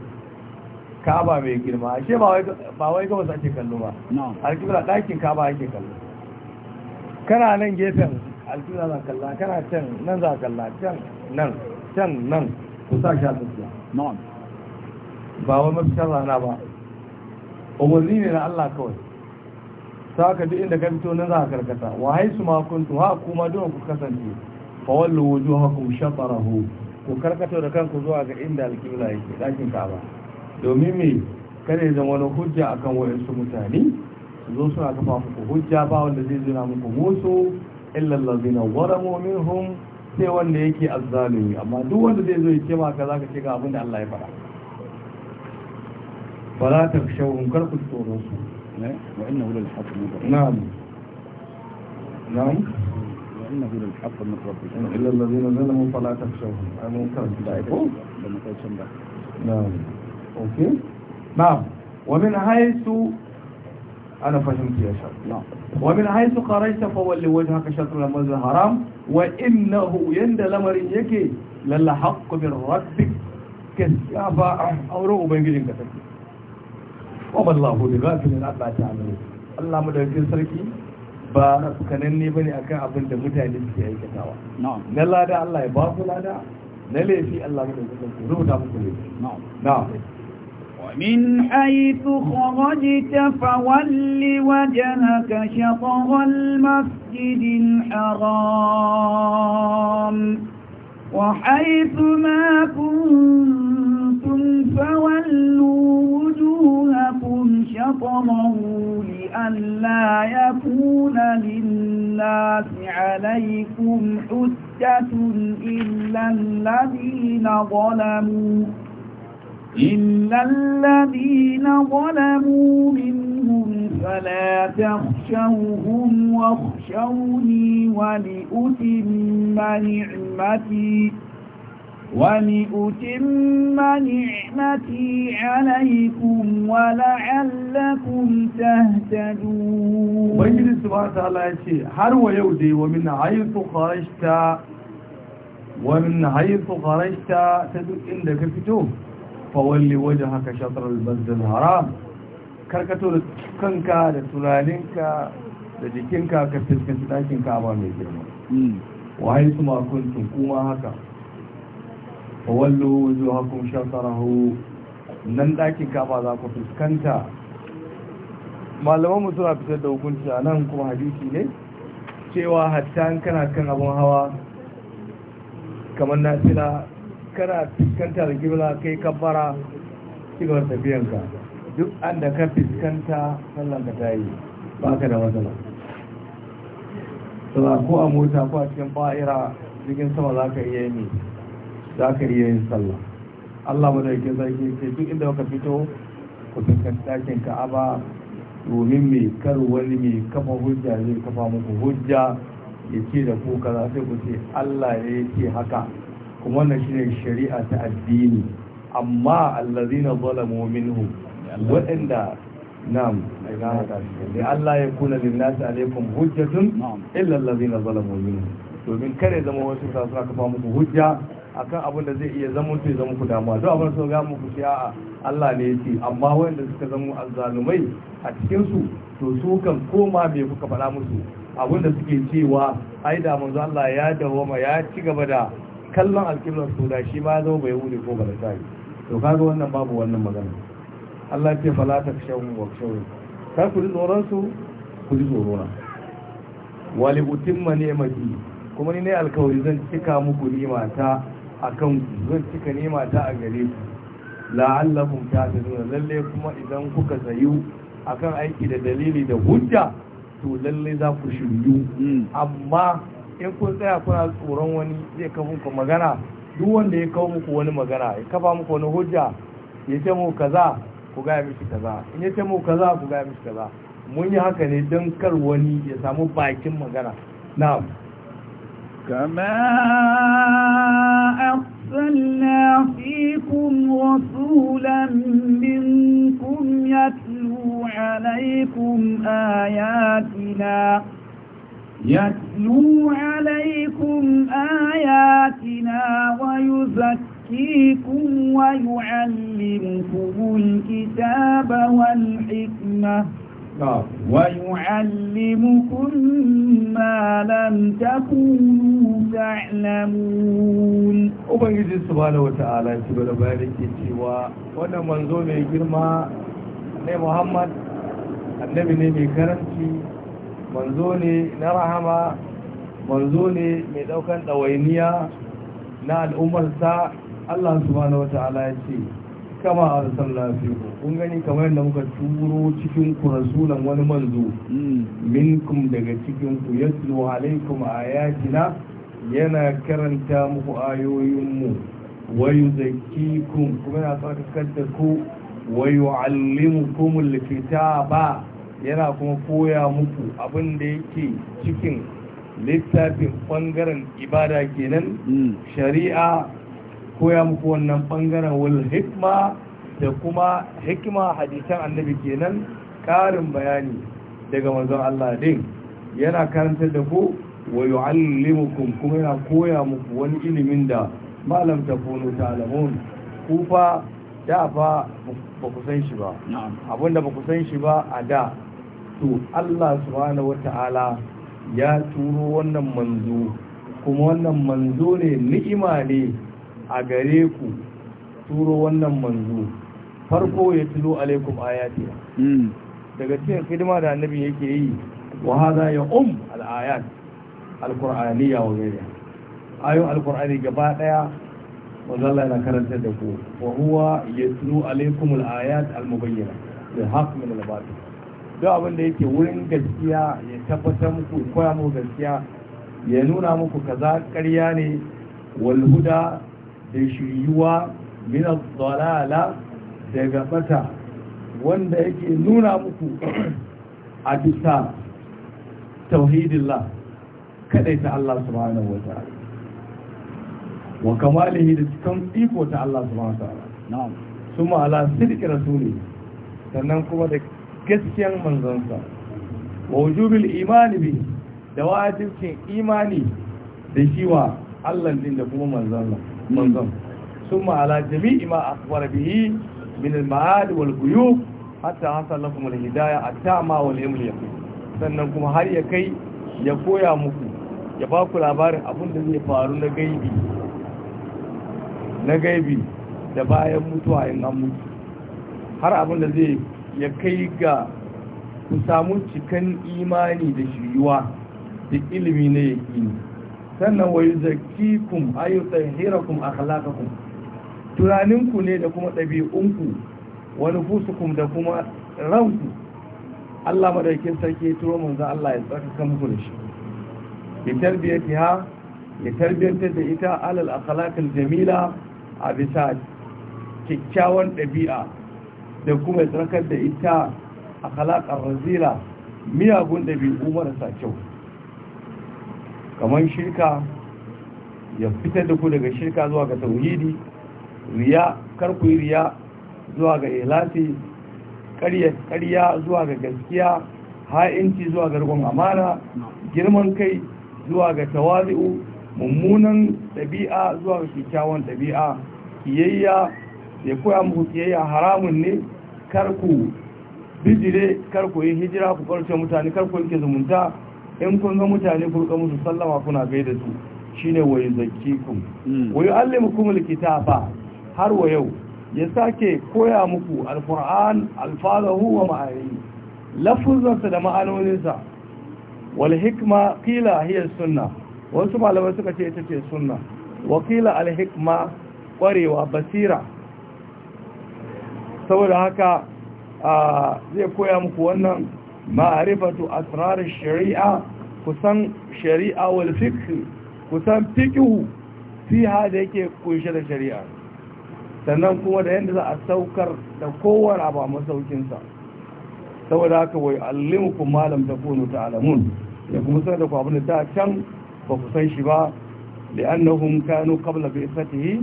kaba mai girma ashe ba wai gabas ake kallo ba alkibla ɗakin kaba ake kallo kana nan gefen alkibla za kalla kana can nan za kalla can nan can nan ku sa sha tafiya ba wai mafitar rana ba umarni ne na Allah kawai saka duk inda ka fito nan za ka karkata wa haisu ma kuntu ha kuma duk ku kasance fa wallu wujuhakum shatarahu ku karkato da kanku zuwa ga inda alƙibla yake dakin Ka'aba domin me kare zan wani hujja akan su mutane su zo suna kafa muku hujja ba wanda zai zina muku musu illa allazina waramu minhum sai wanda yake azzalimi amma duk wanda zai zo ya ce maka zaka ce ga abin da Allah ya faɗa fala shawun karku tsoron su وإنه للحق من ربك نعم نعم وإنه للحق من ربك إلا الذين ظلموا فلا تخشوهم أنا نعم أوكي نعم ومن حيث أنا فهمت يا شاب نعم ومن حيث قريت فولي وجهك شطر المسجد الحرام وإنه يند لمرين للحق من ربك كسابا أو رغبين جديد wa wallahu bi ghafilin Allah ne Allah madaukakin sarki ba kananne bane akan abin da mutane suke aikatawa na lada Allah ya ba ku lada na laifi Allah madaukakin sarki rubuta muku ne na'am ومن حيث خرجت فول وجهك شطر المسجد الحرام وحيث ما كنت حرمه لئلا يكون للناس عليكم حجة إلا الذين ظلموا إلا الذين ظلموا منهم فلا تخشوهم واخشوني ولأتم نعمتي ولأتم نعمتي عليكم ولعلكم تهتدون وبنجد سبحانه وتعالى يقول هروا يودي ومن حيث خرجت ومن حيث خرجت تدق عندك فتوه فولي وجهك شطر البلد الحرام karkato da kanka da tunaninka da jikinka ka fuskanci ɗakin ka'aba mai girma wa haisu makuntun kuma haka wallo zuwa wujuhakum shatarahu nan ɗakin kafa za ku fuskanta malaman suna fitar da hukunci a nan kuma hadisi ne cewa hatta in kana kan abin hawa kamar na tsira kana fuskanta da Gimla kai kabbara cigaba tafiyanka duk an da ka fuskanta sallan ka ta yi ba ka da matsala ko a mota ko a cikin ba'ira cikin sama za ka iya yi za ka iya yin sallah Allah ke sarki ce duk inda ka fito ku fita dakin Ka'aba domin mai kar wani mai kafa hujja zai kafa muku hujja ya ce da ku kaza sai ku ce Allah ya ce haka kuma wannan shine shari'a ta addini amma allazina zalamu minhu waɗanda na'am da Allah ya kula kuna linnasi alaikum hujjatun illa allazina zalamu minhu domin kare zama wasu sa suna kafa muku hujja akan abin da zai iya zama to ya zama ku damuwa duk abin da ga muku sai a'a Allah ne yake amma wanda suka zama azzalumai a cikin su to su kan koma me kuka faɗa musu abin da suke cewa ai da manzo Allah ya dawoma ya ci gaba da kallon alƙiblar su da shi ma ya zama bai hude ko bala sai to kaga wannan babu wannan magana Allah ya ce fala takshawu wa shawu ka ku ji tsoron su ku ji na wali utimma ni'mati kuma ni ne alkawari zan cika muku ni'mata a kan zan cika nema ta a gare ku ta tahtadun lalle kuma idan kuka a akan aiki da dalili da hujja to lalle za ku shiryu hmm. amma in kun tsaya kuna tsoron wani zai kafa muku magana duk wanda ya kawo muku wani magana ya kafa muku wani hujja ya ce muku kaza ku gaya mishi kaza in ya ce muku kaza ku gaya mishi kaza mun yi haka ne don kar wani ya samu bakin magana na'am كما أرسلنا فيكم رسولا منكم يتلو عليكم آياتنا يتلو عليكم آياتنا ويزكيكم ويعلمكم الكتاب والحكمة ويعلمكم ما لم تكونوا تعلمون ubangiji subhanahu wata'ala ya cigaba da bayanin ke cewa wannan manzo mai girma ne muhammad annabi ne mai karanci manzo na rahama manzo ne mai daukan ɗawainiya na al'ummarsa allah subhanahu ce kama harsar fiku kun gani kamar yadda muka turo cikin ku rasulan wani manzo hmm. minkum daga cikin ku yatlu alaikum ayatina yana karanta muku ayoyinmu wa yuzakkikum kuma yana tsarkakar da ku wa yu'allimukum alkitaba yana kuma koya muku abin da yake cikin littafin ɓangaren ibada kenan hmm. shari'a koya muku wannan bangaren wal hikma da kuma hikima hadisan annabi kenan karin bayani daga manzon Allah din yana karantar da ku wa yu'allimukum kuma yana koya muku wani ilimin da malam takunu ta'lamun ku fa da fa ba ku san shi ba abinda ba ku san shi ba a da to Allah subhanahu wata'ala ya turo wannan manzo kuma wannan manzo ne ni'ima ne a gare ku turo wannan manzo farko ya tilo alaikum ayati hmm. daga cikin hidima da annabi yake yi wa hadha ya um al ayat al qur'aniyya wa ghayriha ayo al qur'ani gaba daya manzo Allah yana da ku wa huwa yatlu alaikum al ayat al mubayyana bi haqq min al batil duk abin da yake wurin gaskiya ya tabbatar muku koya muku gaskiya ya nuna muku kaza ƙarya ne wal huda da shiriwa min dalala daga bata wanda yake nuna muku a bisa tauhidillah ta Allah subhanahu wa ta'ala wa kamalihi da cikin iko ta Allah subhanahu wa ta'ala na'am kuma ala sidqi rasuli sannan kuma da gaskiyan manzansa wa wujubil imani bi da wajibin imani da shiwa Allah din da kuma Allah manzon ثم hmm. min جميع ما hatta به من المعاد والغيوب حتى حصل لكم الهداية التعمى والعلم اليقين sannan kuma har ya kai ya koya muku ya ba ku labarin abin da zai faru na gaibi na gaibi da bayan mutuwa in an mutu har abin da zai ya kai ga ku samu cikan imani da shiyuwa da ilimi na yaƙini sannan wa yuzakkikum ay yutahhirakum akhlaqakum tunaninku ne da kuma ɗabi'unku wa nufusukum da kuma ranku Allah madaukin sarki ya turo manzo Allah ya tsaka muku da shi ya tarbiyatiha ya tarbiyantar da ita alal akhlaqil jamila a bisa kyakkyawan ɗabi'a da kuma ya tsarkar da ita akhlaqar razila miyagun ɗabi'u marasa kyau kamar shirka ya fitar da ku daga shirka zuwa ga tauhidi riya karku riya zuwa ga ilati ƙarya zuwa ga gaskiya ha'inci zuwa ga rikon amana girman kai zuwa ga tawazi'u mummunan ɗabi'a zuwa ga kyakkyawan ɗabi'a kiyayya ya koya muku kiyayya haramun ne karku bijire karku yi hijira ku ƙarshe mutane karku yake zumunta in kun ga mutane kun musu sallama kuna gaida su shine wa yuzakkikum hmm. wa likita alkitaba har wa yau ya sake koya muku alquran alfazahu wa ma'ani lafuzansa da ma'anoninsa wal hikma qila hiya sunna wasu malamai suka ce ita ce sunna wa qila al hikma kwarewa basira saboda haka zai koya muku wannan ma'arifatu asrar shari'a kusan shari'a wal fiqh kusan fiqh fiha da yake kunshe da shari'a sannan kuma da yadda za a saukar da kowane abu a masaukinsa saboda haka wai allimukum malam takunu ta'lamun ya kuma sanar da ku abin da da can ba ku san shi ba li'annahum kanu qabla bi'satihi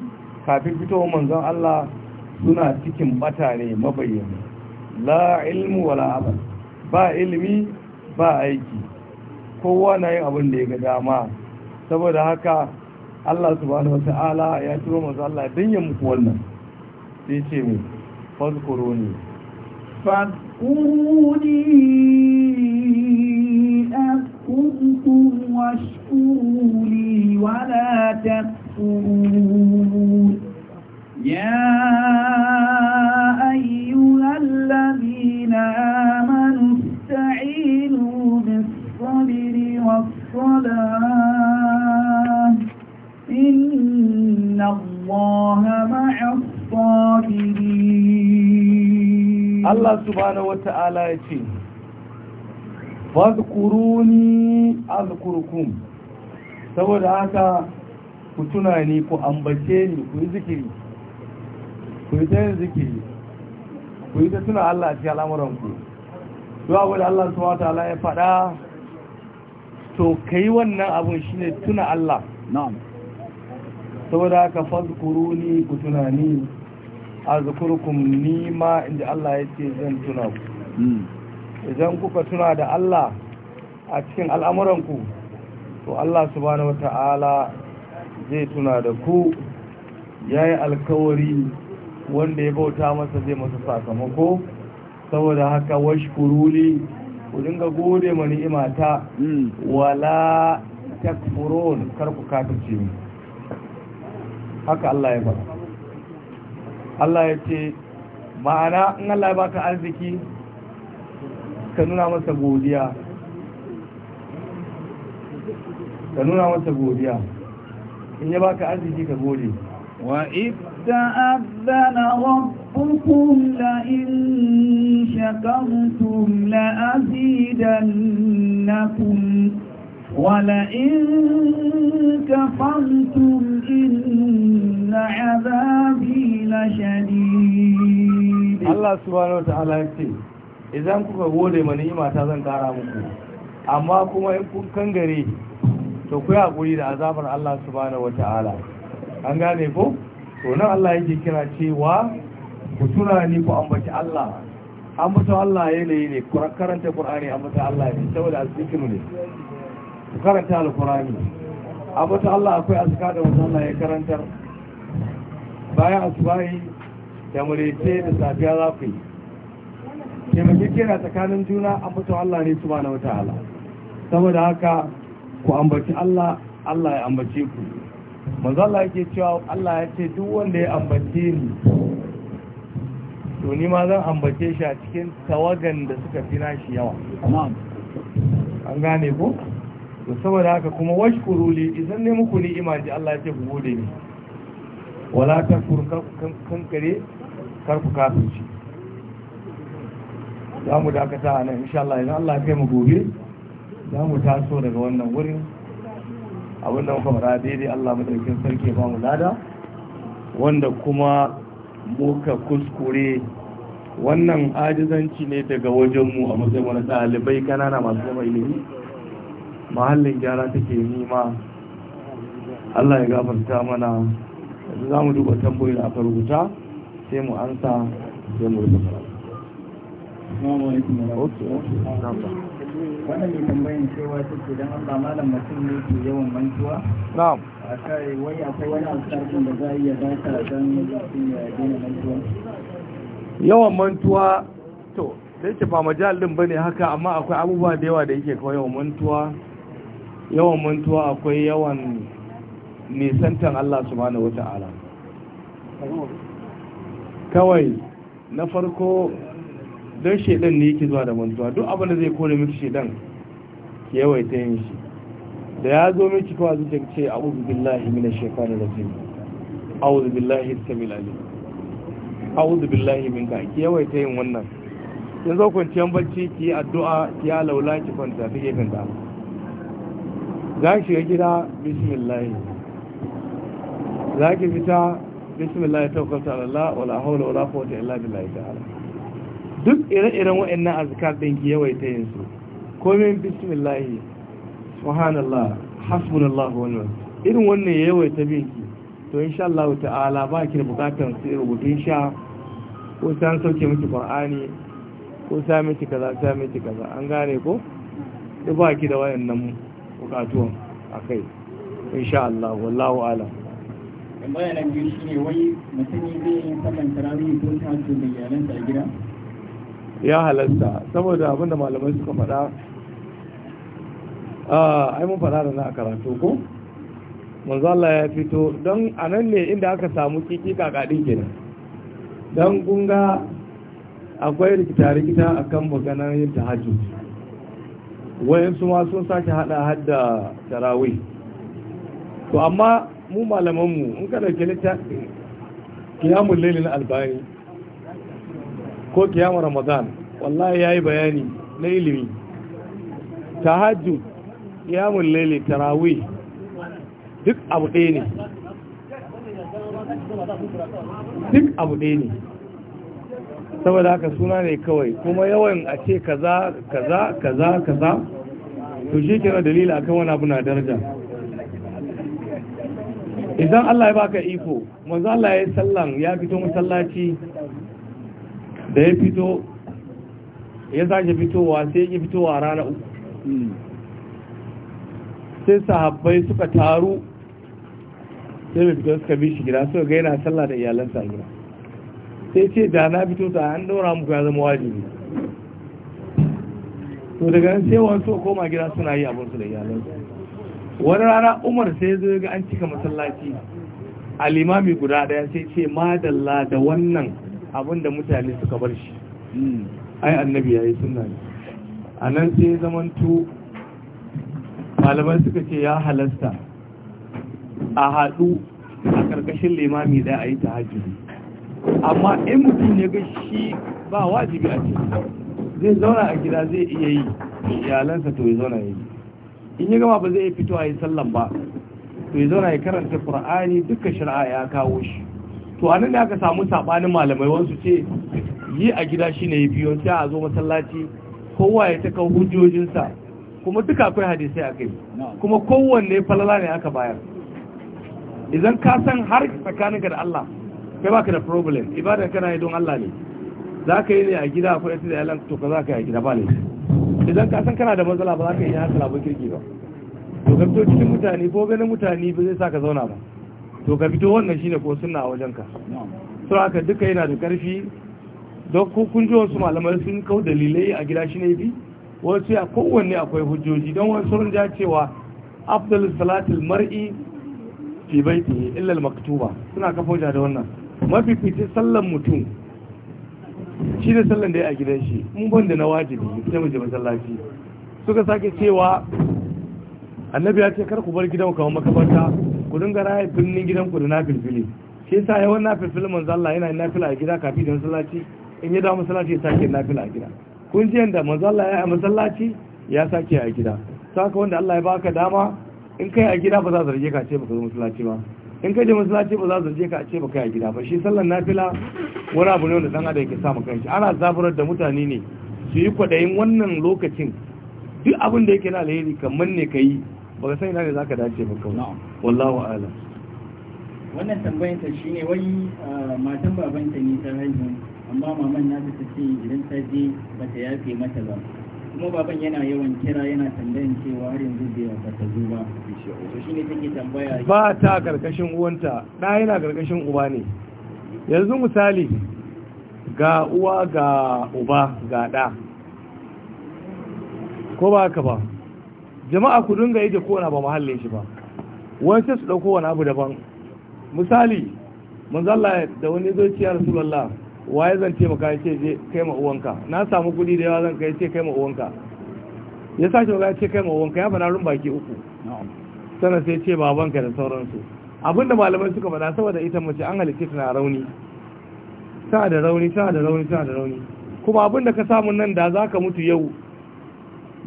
kafin fitowar manzon Allah suna cikin bata ne mabayyana la ilmu wala abada. ba ilimi ba aiki kowa na yin abin da ya ga dama saboda haka Allah subhanahu wata'ala ya turo masu Allah don yin muku wannan sai ce mu fazkuro ne fazkuruni akuntum washkuruni wala takfurun ya na الصلاة إن الله مع الصابرين الله سبحانه وتعالى يقول fadkuruni azkurkum saboda haka ku tuna ni ku ambace ni ku yi zikiri ku yi tayin zikiri ku yi ta tuna Allah a cikin al'amuranku zuwa wadda Allah su wata ya faɗa to ka yi wannan abun shi ne tuna Allah saboda haka fazkuru ni ku tuna ni a zukurkun nima inda Allah ya ce zan tuna ku hmm. idan kuka tuna da Allah a cikin al'amuranku to Allah subhanahu ta’ala zai tuna da ku ya yi alkawari wanda ya bauta masa zai masa sakamako saboda haka washkuruli ku dinga gode ma ni'imata mm. wala takfurun kar ku kafirce ni haka Allah ya faɗa Allah ya ce ma'ana in Allah ya baka arziki ka nuna masa godiya ka nuna masa godiya in ya baka arziki ka gode wa idda abana rabb ربكم لئن شكرتم لأزيدنكم ولئن كفرتم إن عذابي لشديد الله سبحانه وتعالى يكتب idan kuka gode ma ni'ima zan kara muku amma kuma in kun kangare to ku hakuri da azabar Allah subhanahu wataala an gane ko to nan Allah yake kira cewa ku tuna ni ku ambaci Allah ambata Allah yanayi ne karanta Qur'ani ambata Allah ne saboda azzikiru ne ku karanta al-Qur'ani ambata Allah akwai azka da wannan Allah ya karantar bayan asubahi da murece da safiya za ku yi kira tsakanin juna ambata Allah ne subhanahu wataala saboda haka ku ambaci Allah Allah ya ambace ku manzo Allah yake cewa Allah ya ce duk wanda ya ambace ni to ni ma zan ambace shi a cikin tawagan da suka fi nashi yawa an gane ku. to saboda haka kuma washkuru kuruli idan ne muku ni imaji Allah ya ce ku gode ni wala takfur kankare kar ku kafirci za mu dakata a nan insha Allah idan Allah ya kai mu gobe za mu taso daga wannan wurin abin da muka fara daidai Allah madaukin sarki ba mu lada wanda kuma muka kuskure wannan ajizanci ne daga wajenmu a matsayin wani ɗalibai kanana masu zama ilimi mahallin gyara take nima Allah ya gafarta mana yanzu za mu duba tambayoyi da aka rubuta sai mu ansa sai mu rubuta wannan ne tambayin cewa suke don an ba malam mutum ne ke yawan mantuwa yawan mantuwa to da ce ba majal din bane haka amma akwai abubuwa da yawa da yake kawai yawan mantuwa yawan mantuwa akwai yawan nisantan Allah subhanahu wata'ala kawai na farko don shedan ne yake zuwa da mantuwa duk abin da zai kone miki shedan ki yawaita yin shi da ya zo miki kawai zuciya ce a'udhu billahi minash shaitanir rajim a'udhu billahi samil alim a'udhu billahi minka ki yawaita yin wannan yanzu kwanciyar barci, ki addu'a ki ya laula ki kwanta fi gefen da za ki shiga gida bismillah za ki fita bismillah ta kwanta Allah wala hawla wala quwwata illa billahi ta'ala duk ire-iren waɗannan azkar ɗin ki yawaita yin su komin bismillah subhanallah hasbunallahu wa ni'mal irin wannan yayin ta binki to insha Allah ta'ala ba ki da bukatar sai rubutun sha ko san sauke miki qur'ani ko sa miki kaza sa miki kaza an gane ko duk ba ki da wayannan bukatuwan akai insha Allah wallahu a'lam tambaya nan biyu shine wai mutum zai yi sallan tarawih ko ta tahajjud da iyalansa a gida ya halasta saboda abinda malamai suka faɗa Ah, ai mun fara da na a karatu ko manzo Allah ya fito don anan ne inda aka samu kiki kakadin kenan don kunga akwai rikita-rikita akan magana maganar yin tahajjud wayansu ma sun sake hada hadda tarawih to amma mu malaman mu in ka kilita kiyamul kiyamun lailin albani ko kiyamul ramadan wallahi ya bayani na ilimi tahajjud kiyamun laili tarawi duk abu ɗaya ne duk abu ɗaya ne saboda haka suna ne kawai kuma yawan a ce kaza kaza kaza kaza to shi kira dalila akan wani abu na daraja idan Allah ya baka iko manzo Allah ya sallan ya fito masallaci da ya fito ya zaje fitowa sai ya fitowa rana uku hmm. sai sahabbai suka taru sai mai fito suka bi shi gida suka gaina sallah da iyalansa a gida sai ce da na fito ta an daura muku ya zama wajibi to daga nan sai wasu koma gida suna yi abinsu da iyalansa wani rana umar sai zo ga an cika masallaci a limami guda daya sai ce madalla da wannan abin da mutane suka bar shi hmm. ai annabi ya yi sunna ne a nan sai zamanto Malamai suka ce ya halasta a haɗu a ƙarƙashin limami da a yi ta hajjiri amma in mutum ya ga shi ba wajibi a ciki zai zauna a gida zai iya yi iyalansa to ya zauna ya yi in ya gama ba zai fito a yi sallan ba to ya zauna ya karanta Kur'ani duka shari'a ya kawo shi to a nan aka samu saɓanin malamai wasu ce yi a gida shi ne ya biyo sai a zo masallaci kowa ya taka hujjojinsa kuma duka akwai hadisai a kai kuma kowanne falala ne aka bayar idan ka san har tsakaninka da Allah kai baka da problem ibada kana yi don Allah ne za ka yi ne a gida akwai yadda da yalan to ka za ka yi a gida ba ne idan ka san kana da matsala ba za ka yi haka labar kirki ba to ka fito cikin mutane ko ganin mutane ba zai sa ka zauna ba to ka fito wannan shine ko sunna a wajen ka so haka duka yana da karfi don ko kun ji wasu malamai sun kau dalilai a gida shine bi wasu a kowanne akwai hujjoji don wasu sun ja cewa afdal salatul mar'i fi baiti illa maktuba suna kafa hujja da wannan mafi fitin sallan mutum shi da sallan da ya a gidan shi mun ban da na wajibi ta mu je masallaci suka sake cewa annabi ya ce kar ku bar gidan kamar makabarta ku dinga raya birnin gidan ku da na filfili shi yasa yawan na filfilin manzo Allah yana nafila a gida kafin da masallaci in ya dawo masallaci ya sake nafila a gida kun ji yadda mazalla ya yi a masallaci ya sake a gida ka wanda Allah ya baka dama in kai a gida ba za zarge ka ce baka zo masallaci ba in kai je masallaci ba za zarge ka ce baka a gida ba shi na nafila wani abu ne wanda dan adam yake samu kanshi ana zaburar da mutane ne su yi kwadayin wannan lokacin duk abin da yake na alheri kamar ne ba ka san ina ne za ka dace ba kawai wallahu a'lam wannan tambayar ta shine wai ah, matan babanta ne ta haihu amma maman na ta ce idan ta je ba ta yafe mata ba kuma baban yana yawan kira yana tambayan cewa har yanzu bai ba ta zo ba to shine take tambaya ba ta karkashin uwanta da yana karkashin uba ne yanzu misali ga uwa ga uba ga da ko ba ka ba jama'a ku dinga yake kowane ba mahallin shi ba wani sai su dauko wani abu daban misali Allah da wani zo ciyar rasulullah waye zan taimaka ya ce je kai ma uwanka na samu kudi da yawa zan kai ce kai ma uwanka ya sashi magana ce kai ma uwanka ya fara rumba baki uku sannan sai ce babanka da sauransu abinda malamai suka faɗa saboda ita mace an halitta tana rauni tana da rauni tana da rauni tana da rauni kuma abinda ka samu nan da za ka mutu yau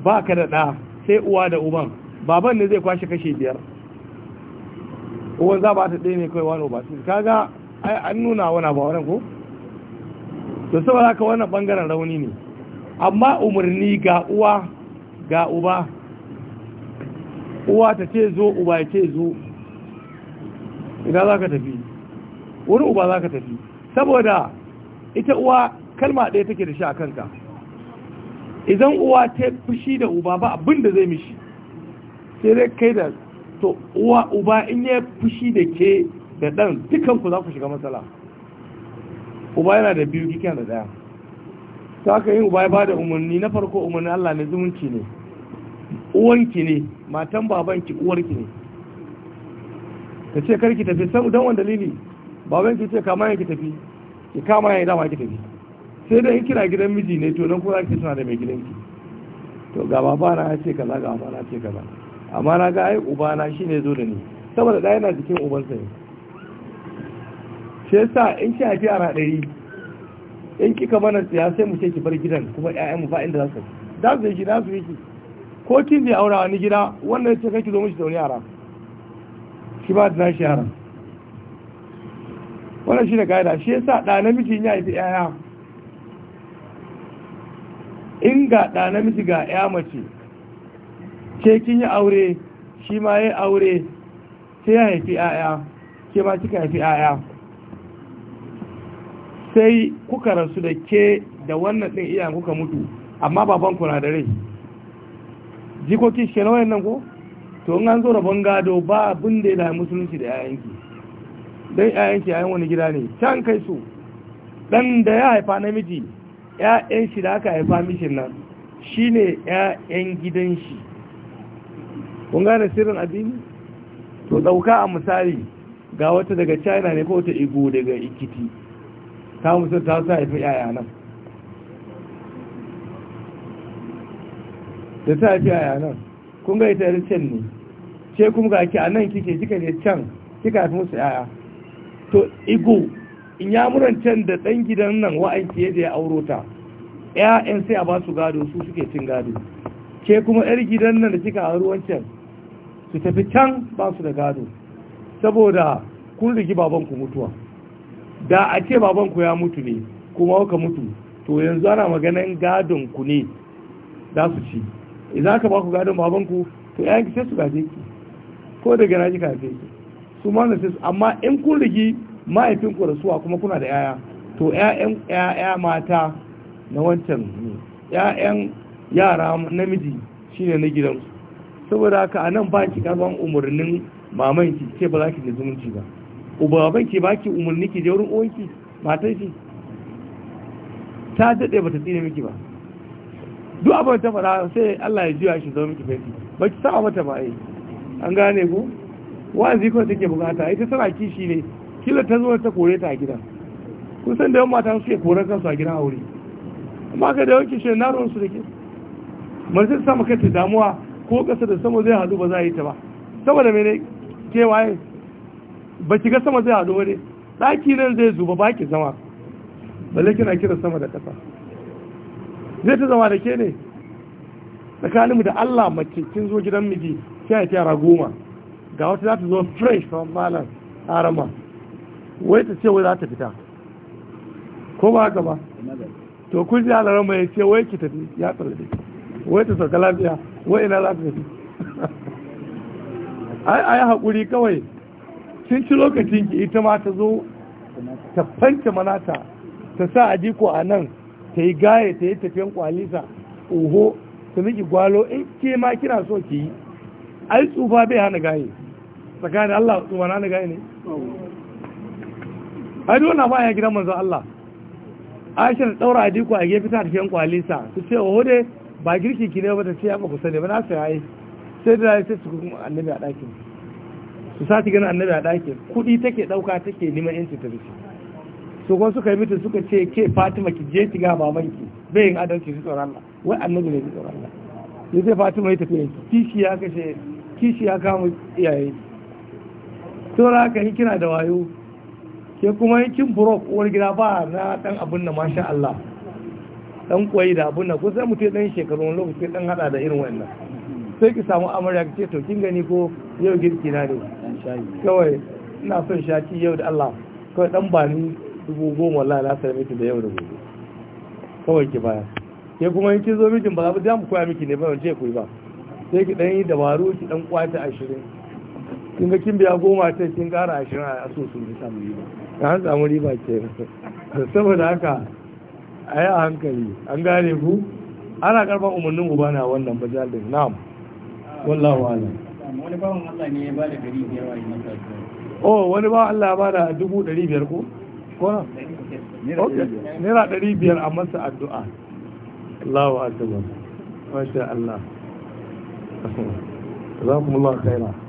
ba ka da ɗa sai uwa da uban baban ne zai kwashe kashe biyar uwan za ba ta ɗaya ne kawai wani ba ka kaga ai an nuna wani ba wani ko to saboda haka wannan bangaren rauni ne amma umarni ga uwa ga uba uwa ta ce zo uba ya ce zo idan za ka tafi Wani uba za ka tafi saboda ita uwa kalma ɗaya take da shi a kanka idan uwa ta fushi da uba ba abin da zai mishi sai dai kai da to uwa uba in ya fushi da ke da ɗan dukanku za ku shiga matsala uba yana da biyu kika da daya ta haka yin uba ya ba da umarni na farko umarni Allah ne zumunci ne uwanki ne matan babanki uwarki ne ta ce karki tafi san don wanda lili babanki ce kama yanki tafi ki kama yanki dama ki tafi sai dai kira gidan miji ne to nan kuma ki suna da mai gidanki to ga babana ya ce kaza ga amana ce kaza amma na ga ai ubana shine zo da ni saboda ɗaya yana jikin ubansa ne shi yasa in ki haifi yara ɗari in kika mana tsaya sai mu ce ki bar gidan kuma ƴaƴan mu fa'in inda za su da su yi da su yi ko kin zai aura wani gida wannan ya ce kai ki zo mishi da wani yara shi ba da nashi yara wannan shi da ka'ida shi yasa ɗa namiji ya haifi ƴaƴa in ga ɗa namiji ga ƴa mace ke kin yi aure shi ma ya yi aure sai ya haifi ƴaƴa ke ma kika haifi ƴaƴa sai kuka rasu da ke da wannan ɗin iya kuka mutu amma babanku na da rai jikoki shi na wayan ko to in an zo rabon gado ba abin da ya da musulunci da yayanki don yayanki yayan wani gida ne can kai su dan da ya haifa namiji yayan shi da aka haifa mishin nan shine yayan gidan shi kun gane sirrin addini to ɗauka a misali ga wata daga china ne ko ta igbo daga ikiti ta musu ta sa haifi yaya nan da ta haifi yaya nan kun ga ita yar can ne ce kuma ga ki a nan kike kika ne can kika haifi musu yaya to igu in ya can da ɗan gidan nan wa'anki yadda ya auro ta ‘ya'yan sai a ba su gado su suke cin gado ke kuma ‘yar gidan nan da kika ruwan wancan su tafi can ba su da gado saboda kun rigi babanku mutuwa da a ce babanku ya mutu ne kuma kuka mutu to yanzu ana maganan gadon ku ne za su ci idan aka baku ku gadon babanku to ya yanki sai su gaje ki ko daga naji ka ki su ma sai amma in kun rigi mahaifinku rasuwa kuma kuna da yaya to ƴaƴan ƴaƴa mata na wancan ne ƴaƴan yara namiji shine na gidansu saboda haka anan ba ki karban umarnin mamanki ke ba za ki ji zumunci ba ubaban ki baki umarni ki je wurin uwanki matan shi ta daɗe ba ta tsine miki ba duk abin ta faɗa sai Allah ya juya shi zama miki fesi ba ki sa'a mata ba yi an gane ku wa'azi kawai take bukata ita tana kishi ne kila ta zo ta kore ta a gidan kun san da yawan mata ke koren kansu a gidan aure amma ka da yawan kishi na ruwan su da ke marisa sama kanta damuwa ko ƙasa da sama zai haɗu ba za a yi ta ba saboda mene kewaye ba ki ga sama zai haɗu wani ɗaki nan zai zuba ba ki zama balle kina kira sama da ƙasa zai ta zama da ke ne tsakaninmu da Allah mace kin zo gidan miji sai ya yara goma ga wata za ta zo fresh from malam arama wai ta ce wai za ta fita ko ba haka ba to kun ji halarar mai ce wai ki tafi ya tsalle. wai ta sauka lafiya wai ina za ta tafi ai ai haƙuri kawai Sun ci lokacin ki ita ma ta zo ta fanta manata ta sa a jiko a nan ta yi gaye ta yi tafiyan kwalisa oho ta miki gwalo in ke ma kina so ki yi ai tsufa bai hana gaye tsakanin Allah tsufa na hana gaye ne ai dole ba ya gidan manzo Allah Aisha ta daura a jiko a gefe ta tafiyan kwalisa ta ce oho dai ba girki ki ne ba ta ce ya ba ku sani ba na sai ai sai da sai su annabi a ɗakin su sati ganin annabi a ɗakin kuɗi take ɗauka take neman yanci ta rufe su kuma suka yi mutum suka ce ke fatima ki je ki ga babanki bai yin adalci su tsoron Allah wai annabi ne su tsoron Allah ya ce fatima ya tafiya kishi ya kashe kishi ya kama iyaye saura ka yi kina da wayo ke kuma yi kin burok uwar gida ba na ɗan abin na masha Allah ɗan koyi da abin na ko sai mutum ɗan shekaru wani lokaci ɗan haɗa da irin wannan sai ki samu amarya ka ce to kin gani ko yau girki na ne kawai ina son shaki yau da Allah kawai dan ba ni dubu goma Allah na sai miki da yau da gobe kawai ki baya ke kuma in ki zo miki ba za mu koya miki ne ba wance ku ba sai ki dan yi dabaru ki dan kwata 20 kin ga kin biya goma sai kin kara 20 a asusun ki samu riba ka an samu riba ke saboda haka a yi hankali an gane ku ana karban umarnin ubana wannan bajalin na'am wallahu alam wani bawan Allah ne ya ba da gari biyar wani masa oh wani bawan Allah ya ba da dubu ɗari biyar ko ko na naira ɗari biyar a masa addu'a Allahu akbar masha Allah zakumullahu khaira